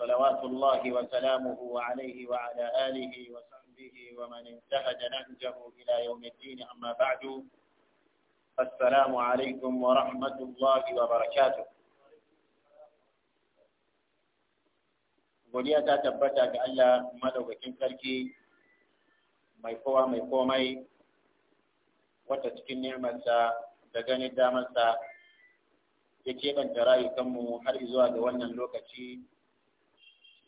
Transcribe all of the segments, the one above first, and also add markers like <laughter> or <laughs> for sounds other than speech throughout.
صلوات الله وسلامه عليه وعلى آله وصحبه ومن انتهج نهجه إلى يوم الدين أما بعد السلام عليكم ورحمة الله وبركاته وليا تتبتا كألا مدو بكين كالكي ما يقوى ما يقوى ما يقوى وتسكين نعمة دقاني دامة يكيبا ترى يكمو حريزوا دوانا لوكتي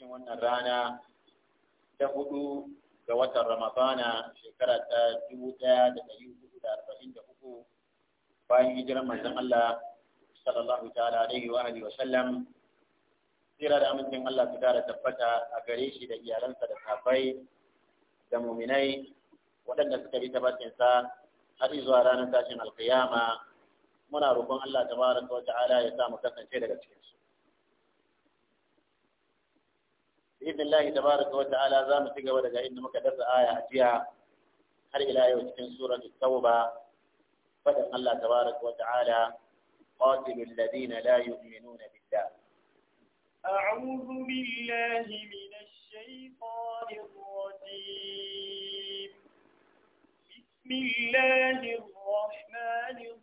cikin wannan rana ta hudu ga watan Ramadana shekara ta dubu ɗaya da ɗari hudu da arba'in da uku bayan hijirar manzon Allah sallallahu ta'ala alaihi wa alihi wa sallam Sira da amincin Allah su tara tabbata a gare shi da iyalansa da sahabbai da muminai waɗanda suka bi sa har zuwa ranar tashin alkiyama muna roƙon Allah tabaraka wa ta'ala ya sa mu kasance daga cikinsu باذن الله تبارك وتعالى زامو تيغا daga ان muka dasa aya jiya har ila yau cikin sura suratul tauba fadin Allah tabaraka wa ta'ala qatilul ladina la yu'minuna billah a'udhu billahi minash shaitanir rajim bismillahir rahmanir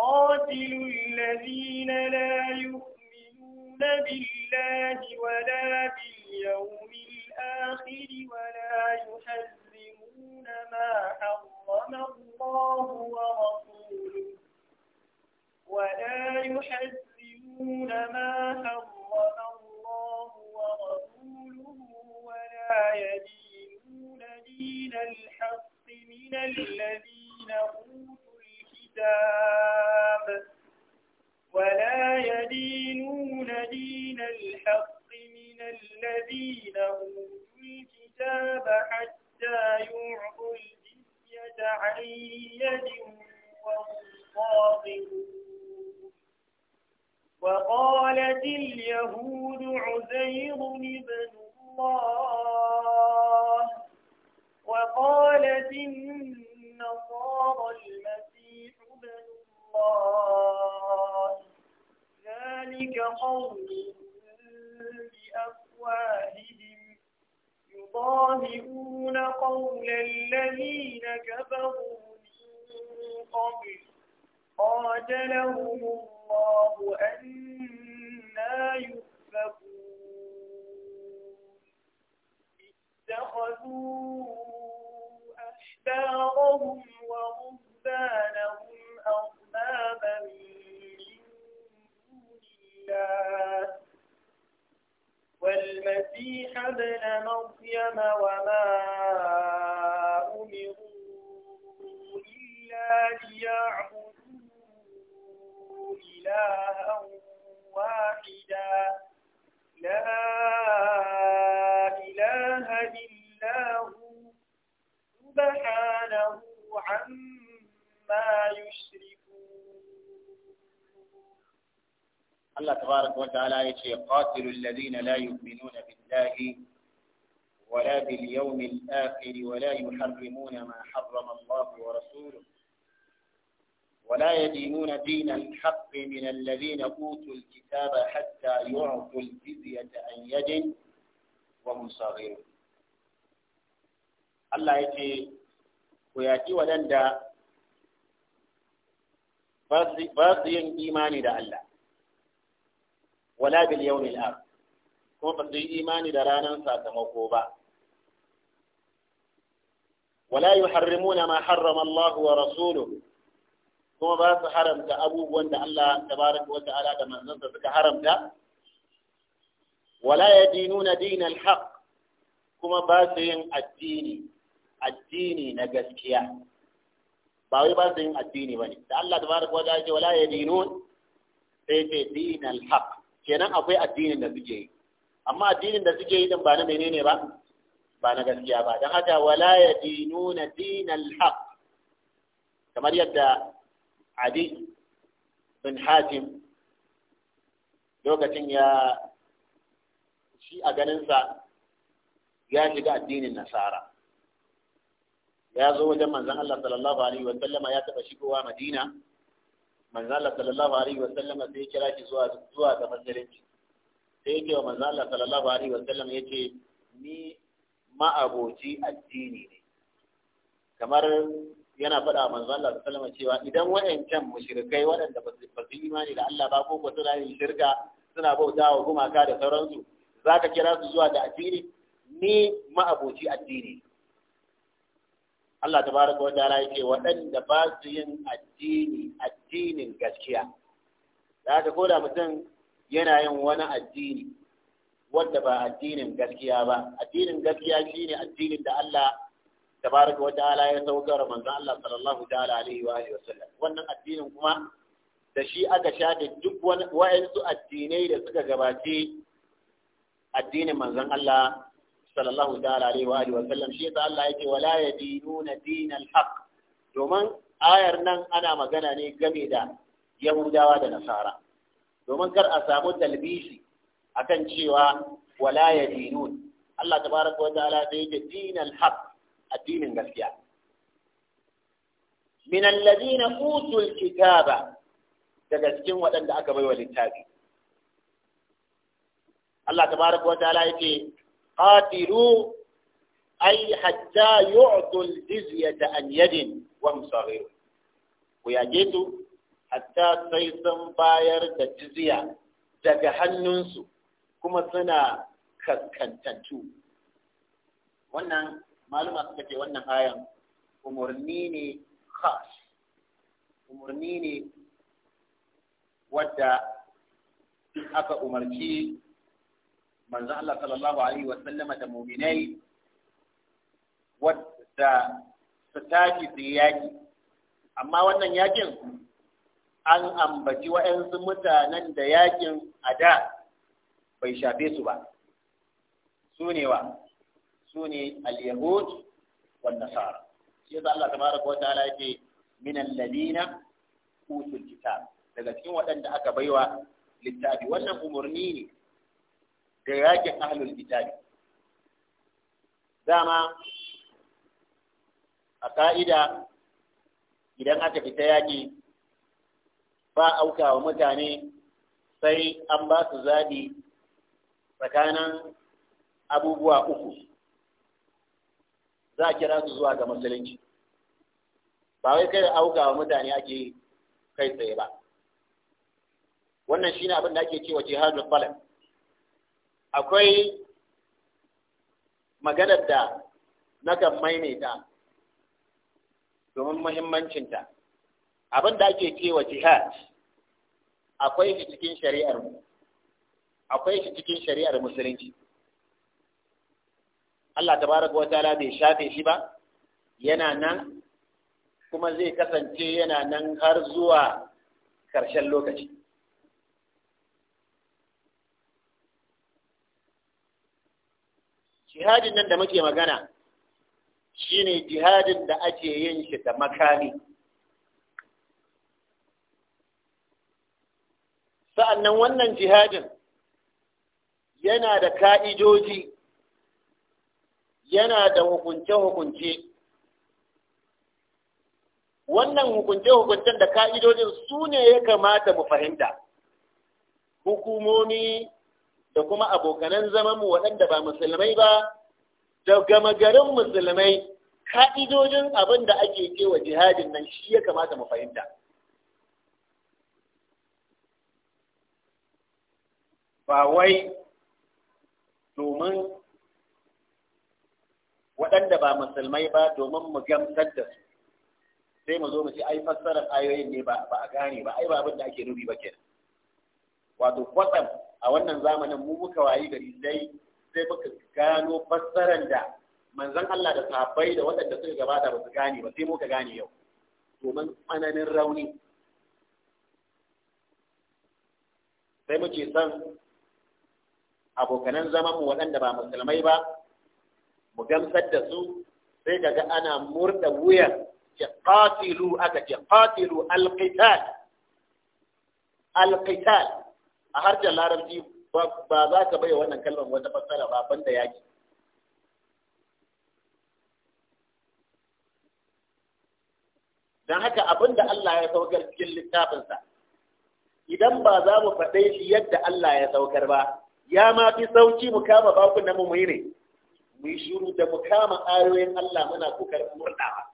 قاتلوا الذين لا يؤمنون بالله ولا باليوم الآخر ولا يحرمون ما حرم الله ورسوله ولا يحرمون ما حرم الله ورسوله ولا يدينون دين الحق من الذين أوتوا الكتاب ولا يدينون دين الحق من الذين أوتوا الكتاب حتى قوم بأفواههم يضاهئون قول الذين كفروا من قبل قاتلهم يقاتل الذين لا يؤمنون بالله ولا باليوم الآخر ولا يحرمون ما حرم الله ورسوله ولا يدينون دين الحق من الذين أوتوا الكتاب حتى يعطوا الجزية عن يد وهم صغيرون الله يتي ويأتي ولن ba su yin imani da Allah wala bil yawmil akhir kuma ba su yi imani da ranar sakamako ba wala yuharrimuna ma harrama Allah wa rasuluhu kuma ba su haramta abubuwan da Allah tabaraka wa ta'ala da manzansa suka haramta wala yadinuna dinal haqq kuma ba su yin addini addini na gaskiya ba wai ba su yin addini bane da Allah tabaraka wa ta'ala ce wala yadinun sai ce dinal haqq kenan akwai addinin da suke yi amma addinin da suke yi din ba na menene ba ba na gaskiya ba don haka wala ya dinuna dinal haq kamar yadda adi bin hatim lokacin ya shi a ganinsa ya shiga addinin nasara ya zo wajen manzon Allah sallallahu alaihi wa sallama ya taba shigowa madina manzo Allah sallallahu alaihi wasallam sai ya kira shi zuwa zuwa ga musulunci sai ya ce wa manzo Allah sallallahu alaihi wasallam ya ce ni ma'aboci addini ne kamar yana faɗa manzo Allah sallallahu alaihi cewa idan wayancan mushrikai waɗanda ba su imani da Allah ba ko ko suna yin shirka suna bauta wa gumaka da sauransu zaka kira su zuwa da addini ni ma'aboci addini Allah ta tabaraka wa ta'ala yake waɗanda ba su yin addini addinin gaskiya da haka ko da mutum yana yin wani addini wanda ba addinin gaskiya ba addinin gaskiya shine addinin da Allah ta tabaraka wa ta'ala ya saukar manzon Allah sallallahu ta'ala alaihi wa alihi wasallam wannan addinin kuma da shi aka shafe duk wani wayansu addinai da suka gabace addinin manzon Allah sallallahu ta'ala alaihi wa alihi wa sallam shi yasa Allah yake wala yadinuna dinal haqq domin ayar nan ana magana ne game da Yahudawa da Nasara domin kar a samu talbishi akan cewa wala yadinun Allah tabaraka wa ta'ala yake dinal haqq addinin gaskiya min alladhina utul kitaba daga cikin waɗanda aka baiwa littafi Allah tabaraka wa ta'ala yake qatilu ai hatta yu'tul jizyata an yadin wa hum saghirun ku yage su hatta sai sun bayar da jizya daga hannunsu kuma suna kaskantattu wannan maluma suka ce wannan ayan umarni ne khas umarni ne wadda aka umarci manzo Allah sallallahu alaihi wa sallama da mu'minai wadda su tashi su yaki amma wannan yakin an ambaci wayansu mutanen da yakin a da bai shafe su ba su ne wa su ne al-yahud wal nasara shi yasa Allah tabaraka wa ta'ala yake min alladina utul kitab daga cikin waɗanda aka baiwa littafi wannan umurni ne ga yakin ahlul kitabi dama a ka'ida idan aka fita yaki ba auka wa mutane sai an ba su zaɓi tsakanin abubuwa uku za a kira su zuwa ga musulunci ba wai kai auka wa mutane ake kai tsaye ba wannan shi ne abin da ake cewa jihadul qalb akwai maganar da nakan maimaita domin muhimmancinta abin da ake cewa jihad akwai shi cikin shari'ar mu akwai shi cikin shari'ar musulunci Allah ta baraka wa ta'ala bai shafe shi ba yana nan kuma zai kasance yana nan har zuwa ƙarshen lokaci jihadin nan da muke magana shine jihadin da ake yin shi da makami sa'annan wannan jihadin yana da ka'idoji yana da hukunce-hukunce wannan hukunce-hukuncen da ka'idojin su ne ya kamata mu fahimta hukumomi da kuma abokanan zamanmu waɗanda ba musulmai ba da gama garin musulmai ka'idojin abin da ake wa jihadin nan shi ya kamata mu fahimta ba wai domin waɗanda ba musulmai ba domin mu gamsar da su sai mu zo mu ce ai fassarar ayoyin ne ba a gane ba ai ba abin da ake nufi ba kenan wato kwatsam a wannan zamanin mu muka wayi gari dai sai muka gano fassarar da manzon Allah da sahabbai da waɗanda suka gabata ba su gane ba sai muka gane yau domin tsananin rauni sai muke san abokanan zaman mu waɗanda ba musulmai ba mu gamsar da su sai kaga ana murda wuyan ya qatilu aka ya qatilu alqital alqital a harshen larabci ba za ka bai wannan kalmar wata fassara ba banda yaki dan haka abin da Allah ya saukar cikin littafinsa idan ba za mu faɗe shi yadda Allah ya saukar ba ya ma fi sauki mu kama bakun namu mu yi ne mu yi shiru da mu kama ayoyin Allah muna kokar murɗawa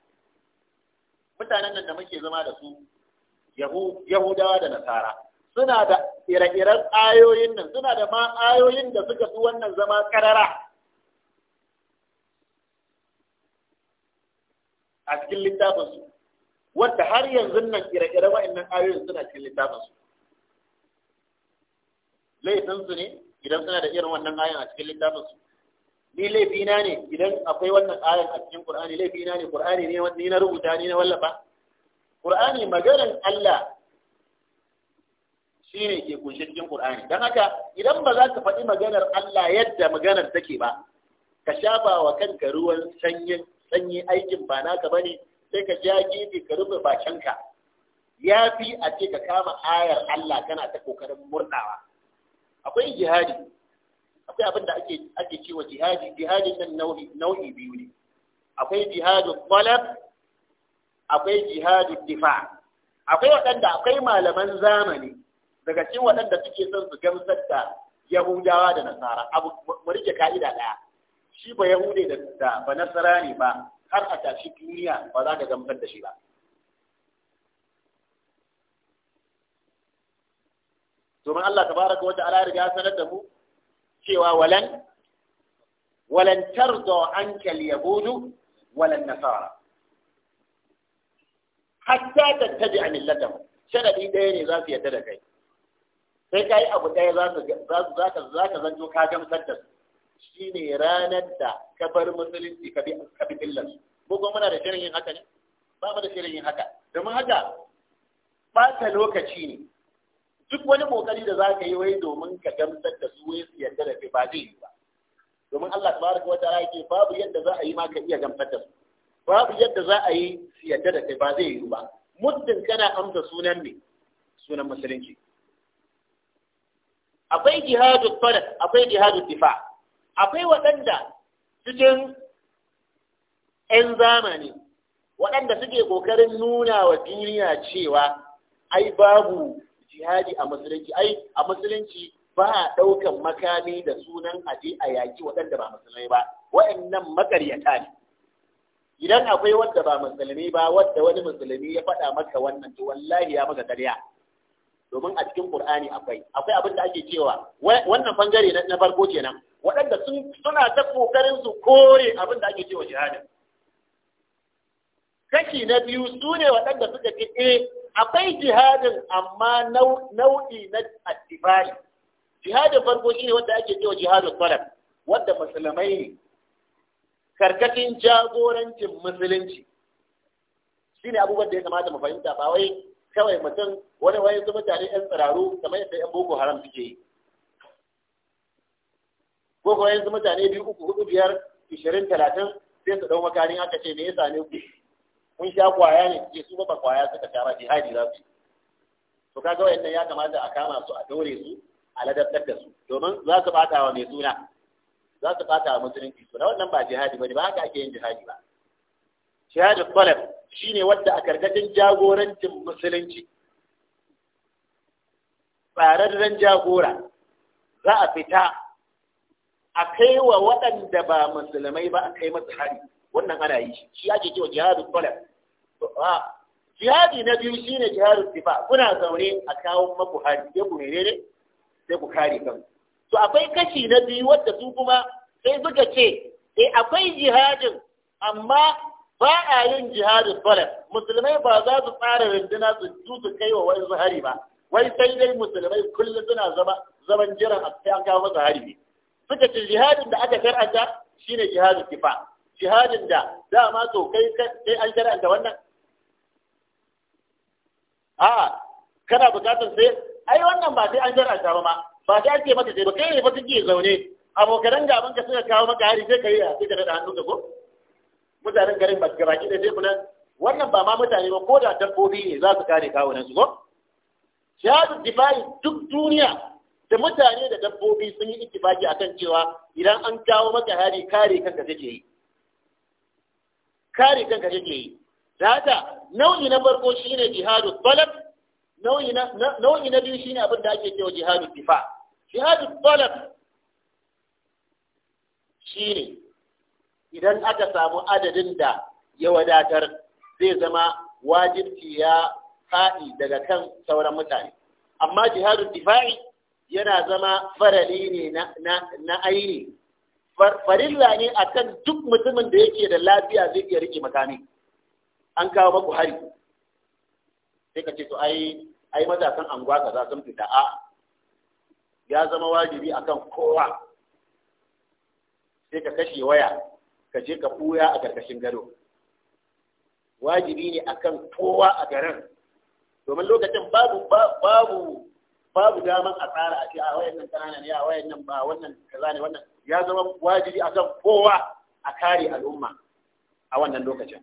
mutanen nan da muke zama da su Yahudawa da Nasara suna da ire-iren ayoyin nan suna da ma ayoyin da suka fi wannan zama karara a cikin littafinsu wadda har yanzu nan ire-iren wa'annan ayoyin suna cikin littafinsu laifinsu ne idan suna da irin wannan ayon a cikin littafinsu ni laifina ne idan akwai wannan ayon a cikin Qur'ani laifina ne Qur'ani ne wanda ni na rubuta ni na wallafa Qur'ani maganar Allah shi ne ke kunshe cikin Qur'ani don haka idan ba za ka faɗi maganar Allah yadda maganar take ba ka shafa wa kanka ruwan sanyi sanyi aikin ba naka bane sai ka ja gefe ka rufe bakinka ya fi a ce ka kama ayar Allah kana ta kokarin murɗawa akwai jihadi akwai abin da ake ake cewa jihadi jihadi nan nau'i nau'i biyu ne akwai jihadu talab akwai jihadu difa akwai waɗanda akwai malaman zamani daga cikin waɗanda suke son su gamsar da yahudawa da nasara abu mu rike ka'ida ɗaya shi ba yahude da ba nasara ne ba har a tashi duniya ba za ka gamsar da shi ba domin Allah tabaraka wa ta'ala ya riga sanar da mu cewa walan walan tarda anka al-yahudu walan nasara hatta tattabi'a millatahum sharadi ɗaya ne za su yarda da kai sai ka yi abu ɗaya za ka zanto ka gamsar da su shi ne ranar da ka bar musulunci ka bi billar ko kuma muna da shirin yin haka ne ba mu da shirin yin haka domin haka ɓata lokaci ne duk wani kokari da za ka yi wai domin ka gamsar da su wai su yarda da kai ba zai yi ba domin Allah tabaraka wa ta'ala yake babu yadda za a yi ma ka iya gamsar da su babu yadda za a yi su yarda da kai ba zai yi ba muddin kana amsa sunan ne sunan musulunci akwai jihadu tsara akwai jihadu difa akwai waɗanda cikin 'yan zamani waɗanda suke ƙoƙarin nuna wa duniya cewa ai babu jihadi a musulunci ai a musulunci ba a ɗaukan makami da sunan aje a yaƙi waɗanda ba musulmai ba waɗannan makaryata ne idan akwai wanda ba musulmi ba wanda wani musulmi ya faɗa maka wannan to wallahi ya maka ƙarya domin a cikin Qur'ani akwai akwai abin da ake cewa wannan bangare na farko kenan waɗanda sun suna ta kokarin su kore abin da ake cewa jihadin kashi na biyu su ne waɗanda suka ce eh akwai jihadin amma nau'i na attifali jihadin farko shine wanda ake cewa jihadin talab wanda musulmai ne karkashin jagorancin musulunci shine abubuwan da ya kamata mu fahimta ba wai kawai mutum wani wani su mutane yan tsiraru kamar yadda yan boko haram suke yi ko kuma yanzu mutane biyu uku hudu biyar ishirin talatin sai su ɗau makarin aka ce me ya same ku Mun sha kwaya ne ke su ba kwaya suka tara ba jihadi za su yi to kaga wayannan ya kamata a kama su a daure su a ladabtar da su domin za su bata wa mai suna za su bata wa musulunci na wannan ba jihadi ba, ne ba haka ake yin jihadi ba shahada shi shine wadda a karkashin jagorancin musulunci tsararren jagora za a fita a kai wa waɗanda ba musulmai ba a kai masu hari wannan ana yi shi ake cewa jihadu talab jihadi na biyu shine jihadu tifa kuna zaune a kawo maku hari ya ku ne sai ku kare kan to akwai kashi na biyu wadda su kuma sai suka ce eh akwai jihadin amma ba a yin jihadin balad musulmai ba za su tsara rinduna su ju su kai wa wani hari ba wai sai dai musulmai kullum suna zama zaman jiran a kai an kawo masa hari ne suka ce jihadin da aka karanta shine jihadin kifa jihadin da dama to kai kai an karanta wannan a kana bukatar sai ai wannan ba sai an karanta ba ma ba sai ake maka sai ba kai ne fa kike zaune abokan gaban ka suka kawo maka hari sai kai ya ka da hannu ka ko mutanen garin ba su gabaki da teku nan wannan ba ma mutane ba ko da dabbobi ne za su kare kawunan su ko shahadu difa'i duk duniya da mutane da dabbobi sun yi ittifaki akan cewa idan an kawo maka hari kare kanka kake yi kare kanka kake yi da haka nau'i na farko shine jihadu talab nau'i na nau'i na biyu shine abin da ake cewa jihadu difa jihadu talab shine idan aka samu adadin da ya wadatar zai zama wajibci ya faɗi daga kan sauran mutane amma jihar difa'i yana zama farali ne na aini farilla ne akan duk mutumin da yake da lafiya zai iya rike makami an kawo maku hari sai ka ce to ai ai matakan anguwa kaza sun fita a ya zama wajibi akan kowa sai ka kashe waya ka je ka ɓuya a ƙarƙashin gado wajibi ne akan kowa a garin domin lokacin babu babu babu daman a tsara a ce a wayannan ƙananan ya nan ba wannan kaza ne wannan ya zama wajibi akan kowa a kare al'umma a wannan lokacin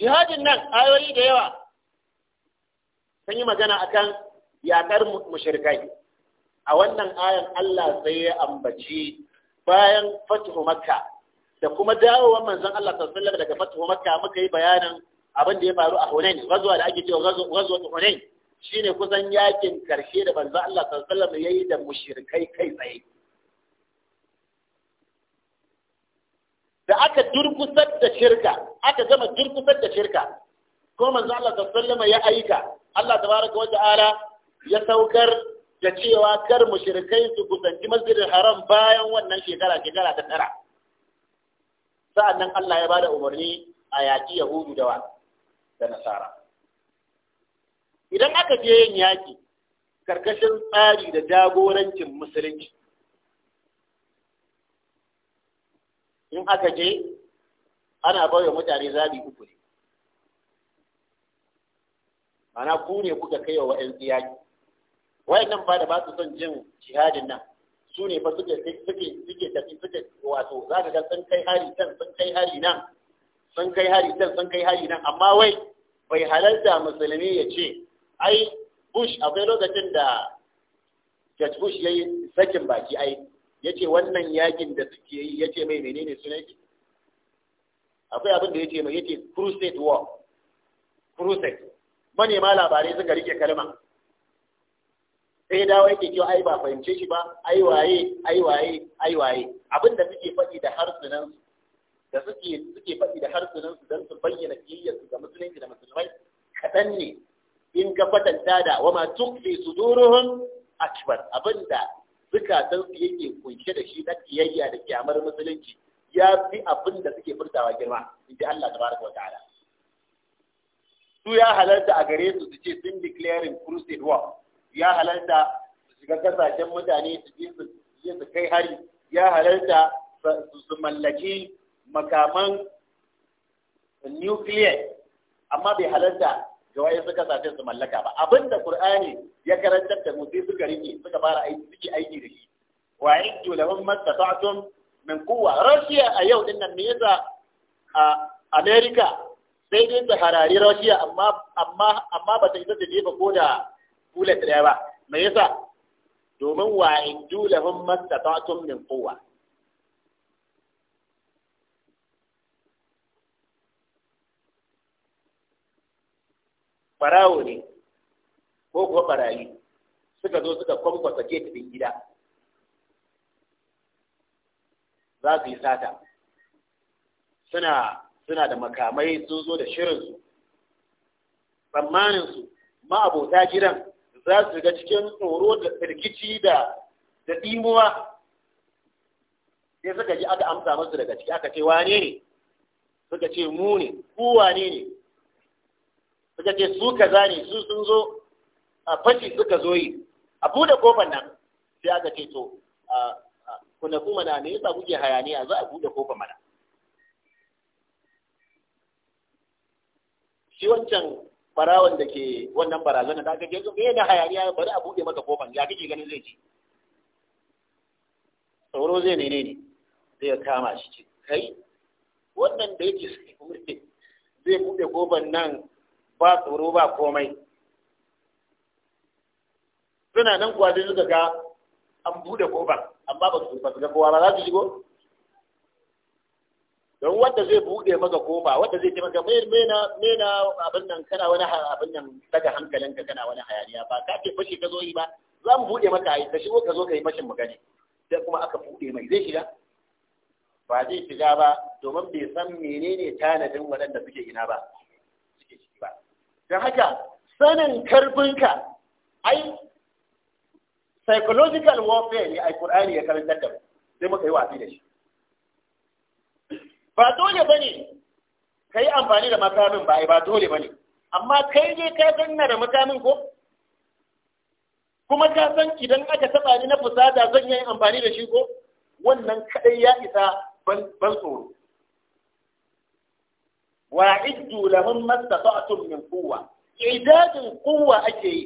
jihadin nan ayoyi da yawa sun yi magana akan yaƙar mushrikai a wannan ayan Allah sai ya ambaci bayan fatihu makka da kuma dawowar manzon Allah sallallahu alaihi wasallam daga fatihu makka muka yi bayanin abin da ya faru a Hunain gazuwa da ake cewa gazuwa Hunain shine kusan yakin karshe da manzon Allah sallallahu alaihi wasallam yayi da mushrikai kai tsaye da aka durkusar da shirka aka gama durkusar da shirka ko manzon Allah sallallahu alaihi wasallam ya aika Allah tabaraka wa ta'ala ya saukar da cewa kar mushrikai su kusanci masjidin haram bayan wannan shekara shekara ta tara nan Allah ya ba da umarni a yaƙi yahudu da da nasara idan aka je yin yaƙi karkashin tsari da jagorancin musulunci in aka je ana bauya mutane zabi uku ne mana ku ne kuka kai wa 'yan tsiyaki wayannan ba da ba su son jin jihadin nan su ne fa suke suke suke tafi suke wato za ka ga sun kai hari can sun kai hari nan sun kai hari can sun kai hari nan amma wai bai halarta musulmi ya ce ai bush akwai lokacin da george bush ya yi sakin baki ai ya ce wannan yakin da suke yi ya ce mai menene sunan shi akwai abin da ya ce mai ya ce crusade war crusade manema labarai suka rike kalmar sai dawo ke kyau ai ba fahimce shi ba ai waye ai waye ai waye abinda suke faɗi da harsunan da suke suke faɗi da harsunan su don su bayyana kiyayyar su ga musulunci da musulmai kaɗan ne in ka kwatanta da wa ma tukfi suduruhum akbar abinda zukatan su yake kunshe da shi na kiyayya da kyamar musulunci ya fi abinda suke furtawa girma in ji Allah tabaraka wa ta'ala su ya halarta a gare su su ce sun declaring crusade war ya halarta su shiga kasashen mutane su je su je su kai hari ya halarta su mallaki makaman nuclear amma bai halarta ga waye su kasashen su mallaka ba abinda qur'ani ya karantar da mu sai suka rike suka fara aiki suke aiki da shi wa yaddu lahum mastata'tum min quwwa russia a yau din nan me yasa a america sai dai ta harari russia amma amma amma ba ta isa ta jefa ko da kula ɗaya ba me yasa domin wa iddu lahum mastata'tum min quwwa farawo ne ko kuwa barayi suka zo suka kwamfasa din gida za su yi sata suna suna da makamai sun zo da shirinsu tsammaninsu ma'abota gidan za su shiga cikin tsoro da rikici da da ɗimuwa sai suka ji aka amsa masu daga ciki aka ce wane ne suka ce mu ne ku wane ne suka ce su ka zane su sun zo a fashi suka zo yi a buɗe kofar nan sai aka ce to kuna kuma na ne yasa kuke hayaniya za a buɗe kofar mana shi wancan barawan da ke wannan barazana da aka ke je sun yana hayaniya bari a buɗe maka kofan ya kike ganin zai ci tsoro zai nene ne zai kama shi ce kai wannan da yake suke buɗe zai buɗe kofan nan ba tsoro ba komai suna nan kuwa sai suka ga an buɗe kofan amma ba su ba su ga kowa ba za su shigo don wanda zai buɗe maka kofa wanda zai taimaka mai mena mena abin nan kana wani abin nan daga hankalinka kana wani hayaniya ba ka ce fashi ka zo yi ba za mu buɗe maka yi ka shigo ka zo ka yi mashin magani sai kuma aka buɗe mai zai shiga ba zai shiga ba domin bai san menene tanadin waɗanda suke ina ba suke ciki ba don haka sanin karfinka ai psychological warfare ne ai Qur'ani ya karanta da sai muka yi wafi da shi ba dole ba ne ka yi amfani da makamin ba ba dole ba ne amma kai ne ka zanna da makamin ko kuma ka san idan aka taɓa ni na fusata zan yi amfani da shi ko wannan kaɗai ya isa ban tsoro wa iddu lahum mastata'tum min quwwa idadin quwwa ake yi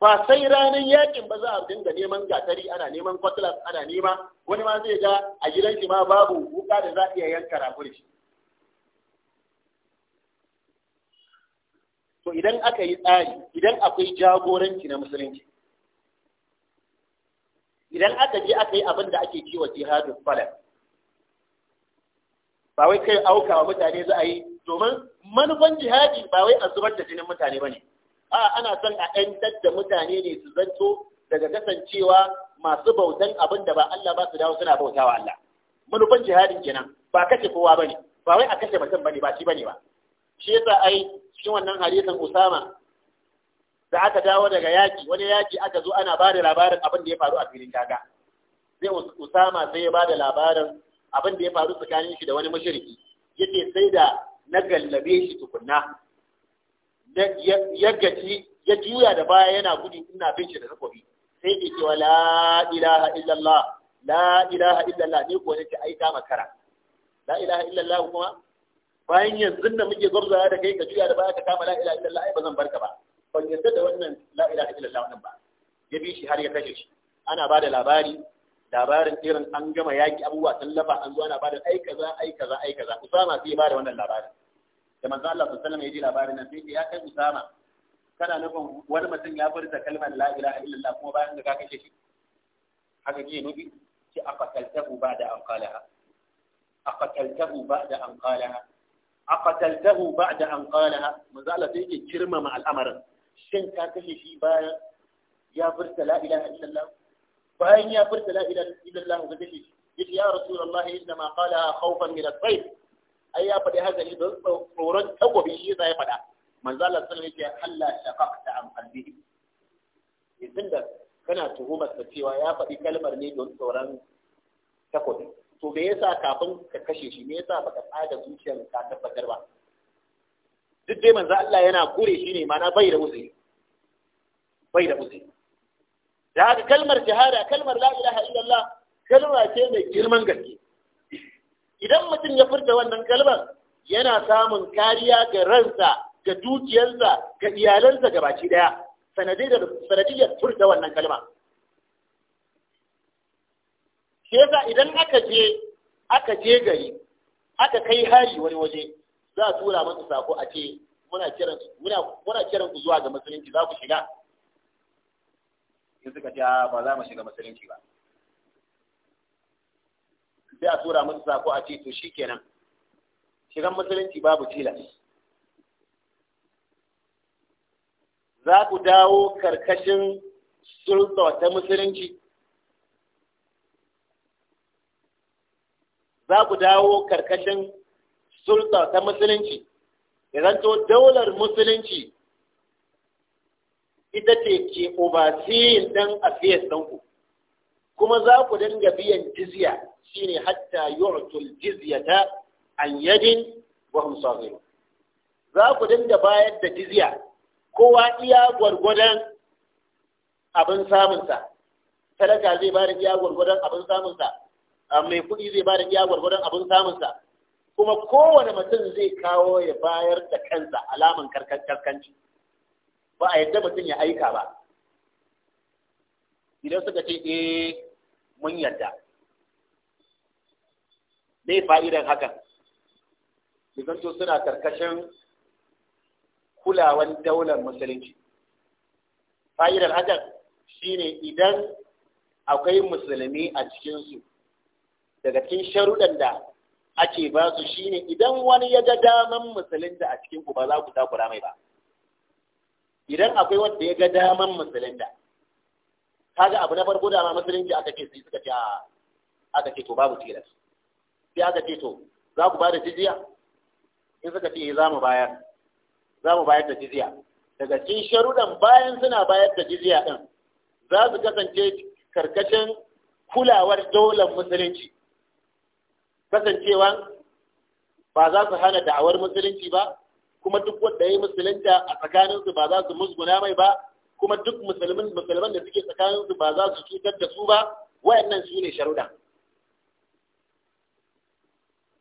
ba sai ranar yakin ba za a dinga neman gatari ana neman cutlass ana nema wani ma zai ga a gidan shi ma babu wuka da za a iya yanka rago da shi to idan aka yi tsari idan akwai jagoranci na musulunci idan aka je aka yi abin da ake cewa jihadin falar, ba wai kai auka wa mutane za a yi domin manufan jihadi ba wai a zubar da jinin mutane ba ne a ana son a ɗan da mutane ne su zanto daga kasancewa masu bautan abin da ba Allah ba su dawo suna bautawa Allah manufan jihadin kenan ba kace kowa bane ba wai a kashe mutum bane ba shi bane ba shi yasa ai cikin wannan hadisin Usama da aka dawo daga yaki wani yaki aka zo ana bada labarin abin da ya faru a filin kaga sai Usama sai ya bada labarin abin da ya faru tsakanin shi da wani mushriki yake sai da na gallabe shi tukunna ya gaji ya juya da baya yana gudu ina bin shi da takobi sai da cewa la ilaha illallah la ilaha illallah ne ko nace ai ta makara la'ilaha ilaha illallah kuma bayan yanzu da muke gwamzawa da kai ka juya da baya ka kama la'ilaha illallah ai ba zan barka ba ban yarda da wannan la'ilaha illallah wannan ba ya bi shi har ya kashe shi ana bada labari labarin irin an gama yaƙi abubuwa sun lafa an zo ana bada ai kaza ai kaza ai kaza Usama sai ya bada wannan labarin da manzo Allah sallallahu alaihi wasallam ya ji labarin nan sai ya kai Usama kana nufin wani mutum ya furta kalmar la ilaha illallah kuma bayan da ka kashe shi haka ke nufi ki aqataltahu ba'da an qalaha aqataltahu ba'da an qalaha aqataltahu ba'da an qalaha manzo Allah sai yake kirmama al'amarin shin ka kashe shi bayan ya furta la ilaha illallah bayan ya furta la ilaha illallah ka kashe yace ya rasulullah inna ma qalaha khawfan min as-sayf ai ya faɗi haka ne don tsoron takobi shi ya faɗa manzo Allah sallallahu alaihi wasallam yake halla shaqaqta an qalbihi yanzu da kana tuhumar ta cewa ya faɗi kalmar ne don tsoron takobi to me yasa kafin ka kashe shi me yasa baka tsada zuciyar ka tabbatar ba duk dai manzo Allah yana kure shi ne mana bai da uzuri bai da uzuri da haka kalmar shahada kalmar la ilaha illallah kalma ce mai girman gaske idan mutum ya furta wannan kalmar yana samun kariya ga ransa ga dukiyarsa ga iyalansa baki daya sanadiyar furta wannan kalma shi yasa idan aka je aka je gari aka kai hari wani waje za a tura masu sako a ce muna kiran ku zuwa ga musulunci za ku shiga yanzu ka ce ba za mu shiga musulunci ba sai a tura masu sako a ce to shi kenan shigan musulunci babu tilas za ku dawo karkashin sulta ta musulunci za ku dawo karkashin sulta ta musulunci idan to daular musulunci ita ce ke obasiyin dan afiyar ɗanku kuma za ku dinga biyan jizya shine hatta yu'tul ta an yadin wa hum za ku dinga bayar da jizya kowa iya gwargwadon abin samunsa talaka zai ba da iya gwargwadon abin samunsa mai kuɗi zai ba da iya gwargwadon abin samunsa kuma kowane mutum zai kawo ya bayar da kansa alaman karkanci ba a yadda mutum ya aika ba idan suka ce eh mun yadda me fa'idan hakan suna karkashin kulawan daular musulunci fa'idar shi shine idan akwai musulmi a cikinsu daga cikin sharuɗan da ake ba su shine idan wani ya ga daman musulunta a cikin ku ba za ku takura mai ba idan akwai wanda ya ga daman musulunta ga abu na farko da musulunci aka ce sai suka ce a ah, aka ce to babu tilas sai aka ce to za ku ba da jijiya in suka ce eh, za mu bayar za mu bayar da jizya daga cikin sharuɗan bayan suna bayar da jizya ɗin za su kasance karkashin kulawar daular musulunci kasancewa ba za su hana da'awar musulunci ba kuma duk wanda ya musulunta a tsakaninsu ba za su musguna mai ba kuma duk musulmin musulman da suke tsakaninsu ba za su cutar da su ba wayannan su ne sharuɗa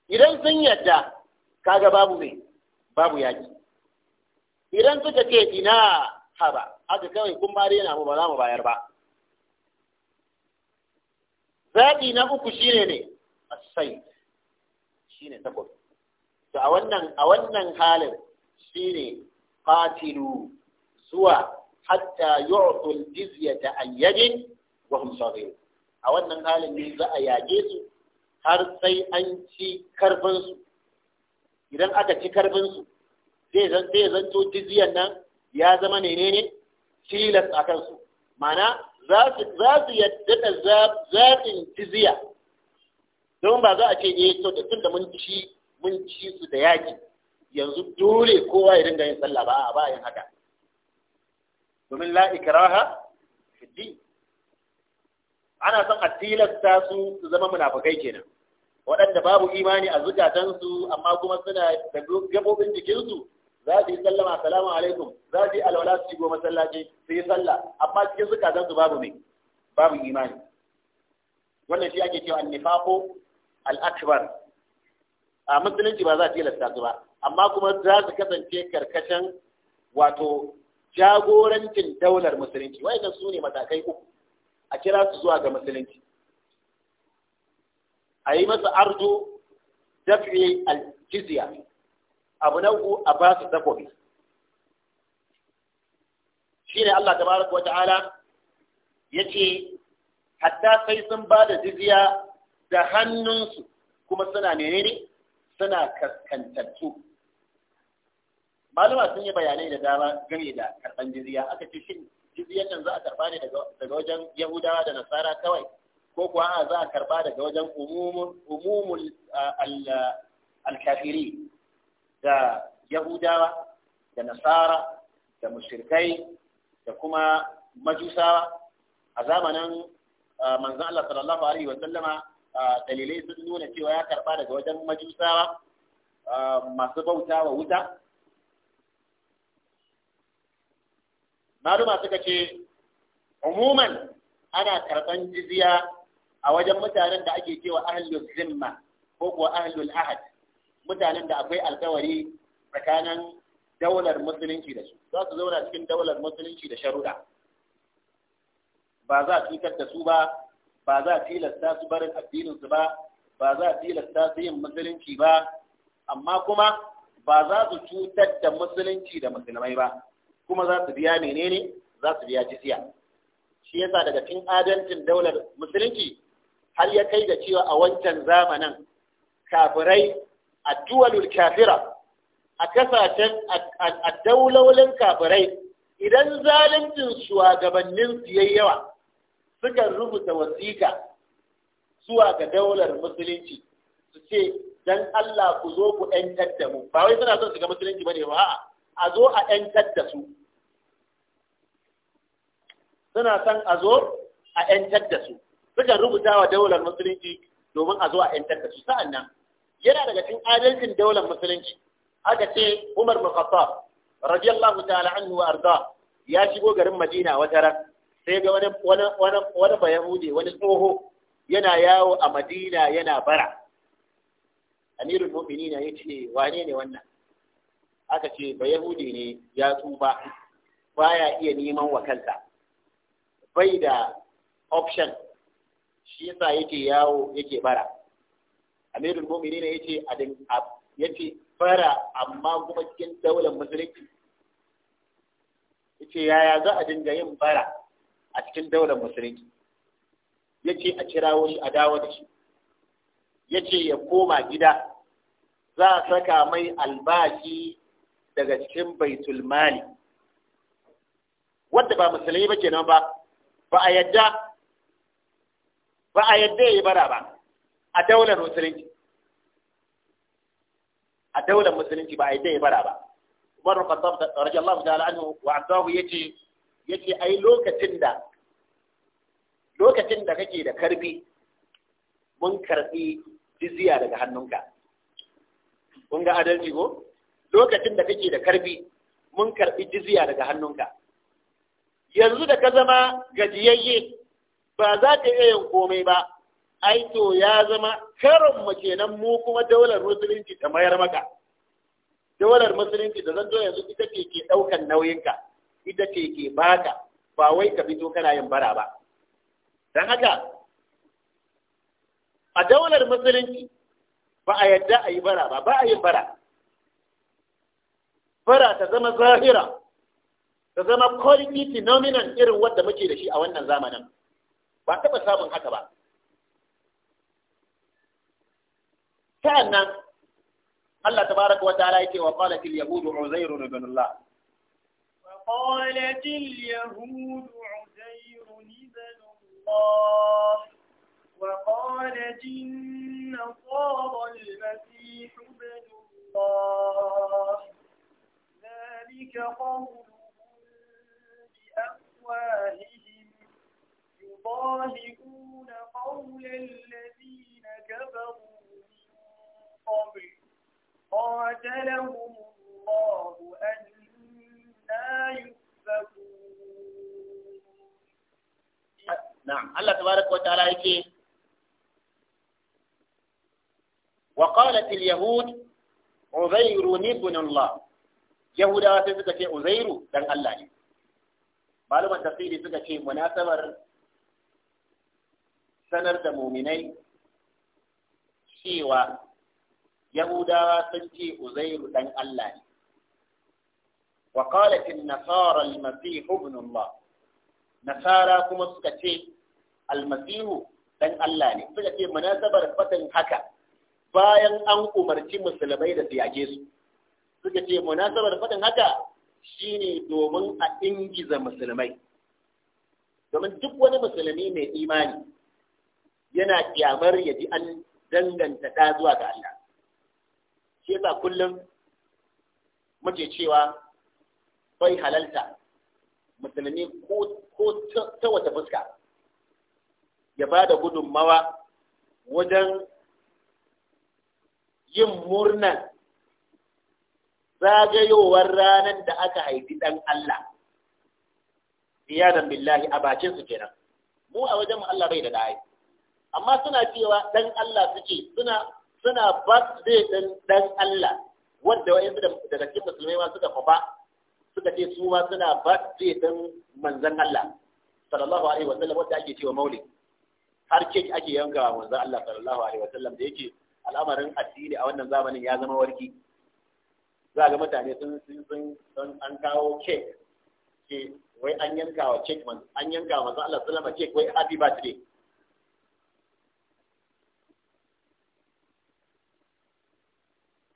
idan sun yadda kaga babu mai babu yaki idan suka ce ina haba haka kawai kun ma rena mu ba za mu bayar ba zaɓi na uku shine ne sai shine to a wannan a wannan halin shine fatilu zuwa hatta yu'tul jizyata ta yadin wa hum sabir a wannan halin ne za a yage su har sai an ci karfin su idan aka ci karfin su zai zan zai zanto jiziyan nan ya zama menene tilas a kansu mana za su za yadda da zafin jiziya don ba za a ce eh to da tunda mun ci mun ci su da yaki yanzu dole kowa ya dinga yin sallah ba a ba yin haka domin la ikraha fi ana son a tilasta su su zama munafukai kenan waɗanda babu imani a zukatansu amma kuma suna da gabobin jikinsu za su yi sallama assalamu alaikum za su yi alwala su shigo masallaci su yi sallah amma cikin zan su babu ne babu imani wannan shi ake cewa annifaqo al-akbar a musulunci ba za ta yi su ba amma kuma za su kasance karkashin wato jagorancin daular musulunci wai su ne matakai uku a kira su zuwa ga musulunci a yi masa ardu dafi al-jizya abu na uku a ba su takobi ne Allah Ta tabaraka ya ce, hatta sai sun ba da jiziya da hannunsu kuma suna menene suna kaskantattu malama sun yi bayanai da dama game da karban jiziya aka ce shi jizyar nan za a karba ne daga wajen yahudawa da nasara kawai ko kuwa za a karba daga wajen umumul alkafiri Da yahudawa da nasara da mushrikai da kuma majusawa a zamanin manzan Allah sallallahu alaihi wa sallama dalilai sun nuna cewa ya karba daga wajen majusawa masu bauta wa wuta maluma suka ce umuman ana karban jizya a wajen mutanen da ake cewa ahlul zimma ko kuwa ahlul ahad mutanen da akwai alkawari tsakanin daular musulunci da su za su zauna cikin daular musulunci da sharuda ba za a cutar da su ba ba za a tilasta su barin addininsu ba ba za a tilasta su yin musulunci ba amma kuma ba za su cutar da musulunci da musulmai ba kuma za su biya menene za su biya jisiya. shi yasa daga cikin adalcin daular musulunci har ya kai da cewa a wancan zamanin kafirai addu'alul kafira a kasashen a kafirai idan zaluncin shugabannin su yawa sukan rubuta wasiƙa zuwa ga daular musulunci su ce dan Allah ku zo ku 'Yan da mu ba wai suna son su ga musulunci bane ba a'a a zo a 'yan da su suna son a zo a 'yan da su, suka rubuta wa daular musulunci domin a zo a 'yan da su, sa'an nan yana daga cikin adalcin daular musulunci aka ce Umar bin Khattab radiyallahu ta'ala anhu wa arda ya shigo garin Madina wata ran sai ga wani wani wani wani bayahudi wani tsoho yana yawo a Madina yana bara Amirul Mu'minin ya ce wane ne wannan aka ce bayahudi ne ya tsufa baya iya neman wa kansa bai da option shi yasa yake yawo yake bara amirul mu'minin yace a yace fara amma kuma cikin daular musulunci yace yaya za a dinga yin bara a cikin daular musulunci yace a kirawo shi a dawo da shi yace ya koma gida za a saka mai albashi daga cikin baitul mali wanda ba musulmi ba kenan ba ba a yadda ba a yadda ya yi bara ba a daular musulunci a daular musulunci ba a yi zai bara ba Umar da Khattab Allah da anhu wa abdahu yake a yi lokacin da lokacin da kake da karfi mun karfi jizya daga hannunka kun ga adalci ko lokacin da kake da karfi mun karfi jizya daga hannunka yanzu da ka zama gajiyayye ba za ka iya yin komai ba ai to ya zama karon mu kenan mu kuma daular musulunci ta mayar maka daular musulunci da zanto yanzu ita ce ke daukan ka, ita ce ke baka ba wai ka fito kana yin bara ba dan haka a daular musulunci ba a yadda a yi bara ba ba a yin bara bara ta zama zahira ta zama quality phenomenon irin wadda muke da shi a wannan zamanin ba taɓa samun haka ba كان الله تبارك وتعالى وقالت اليهود عزير بن الله وقالت اليهود عزير بن الله وقالت النصارى المسيح بن الله ذلك قولهم بأفواههم يضاهئون قول الذين كفروا قاتلهم الله أن لا نعم الله تبارك وتعالى يكي وقالت اليهود عزير ابن الله يهودا سيكون عزير دن الله معلومة تفصيلي سيكون مناسبة سنر da muminai cewa yahudawa sun ce uzairu dan Allah ne wa qalat nasara al Allah nasara kuma suka ce al-masih Allah ne suka ce munasabar fatan haka bayan an umarci musulmai da su yage su suka ce munasabar fatan haka shine domin a ingiza musulmai domin duk wani musulmi mai imani yana kyamar ya ji an danganta ta zuwa ga Allah shi yasa kullum muke cewa bai halalta musulmi ko ta wata fuska ya ba da gudunmawa wajen yin murnan zagayowar ranar da aka haifi ɗan Allah, iyadan billahi a bakinsu kenan. Mu a wajen Allah bai da ɗaya, amma suna cewa ɗan Allah suke suna suna birthday din dan Allah wanda wayansu daga cikin musulmai ma suka faɓa suka ce su ma suna birthday din manzon Allah sallallahu alaihi wa sallam wanda ake cewa maulid har kek ake yanka manzon Allah sallallahu alaihi wa sallam da yake al'amarin addini a wannan zamanin ya zama warki za ga mutane sun sun sun an kawo kek ke wai an yanka wa kek an yanka wa manzon Allah sallallahu alaihi wa sallam kek wai happy birthday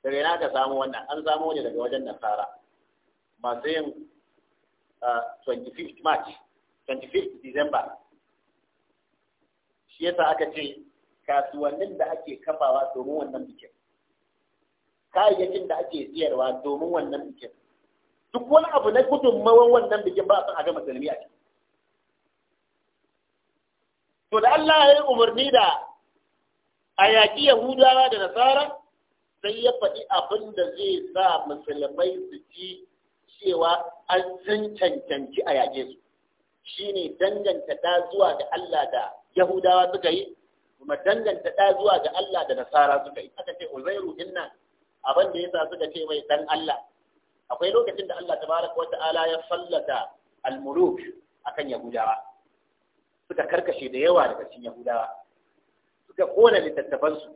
daga yana ka samu wannan an samu ne daga wajen nasara masu yin 25 march 25 december shi yasa aka ce kasuwannin da ake kafawa domin wannan bikin kayayyakin da ake siyarwa domin wannan bikin duk wani abu na gudunmawar wannan bikin ba a san a ga musulmi a ciki to da Allah ya yi umarni da a yaƙi Yahudawa da Nasara sai ya faɗi abin da zai sa musulmai su ji cewa an san cancanci a yaƙe su shine danganta ɗa zuwa ga Allah da Yahudawa suka yi kuma danganta ɗa zuwa ga Allah da Nasara suka yi aka ce Uzairu dinna abin da yasa suka ce mai dan Allah akwai lokacin da Allah tabaraka wata'ala ya fallata al-muluk akan Yahudawa suka karkashe da yawa daga cikin Yahudawa suka kona littattafansu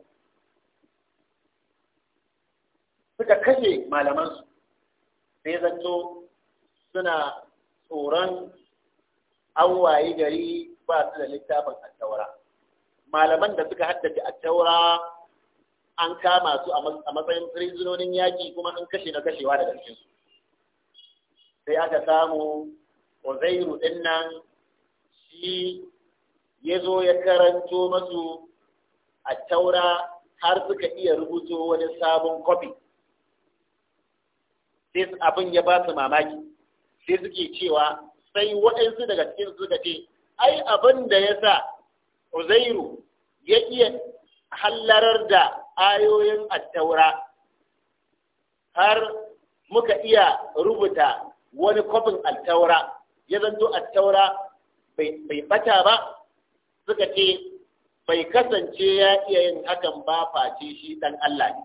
suka kashe malamansu sai zato suna tsoron an gari ba su da littafin attaura malaman da suka haddace attaura an kama su a matsayin prisonin yaƙi kuma an kashe na kashewa daga su sai aka samu uzairu ɗin nan shi ya zo ya karanto masu attaura har suka iya rubuto wani sabon kwafi sai abin ya ba su mamaki sai suke cewa sai waɗansu daga cikin suka ce ai abin da ya sa uzairu ya iya hallarar da ayoyin attaura har muka iya rubuta wani kwafin attaura ya zanto attaura bai bata ba suka ce bai kasance ya iya yin hakan ba face shi dan Allah ne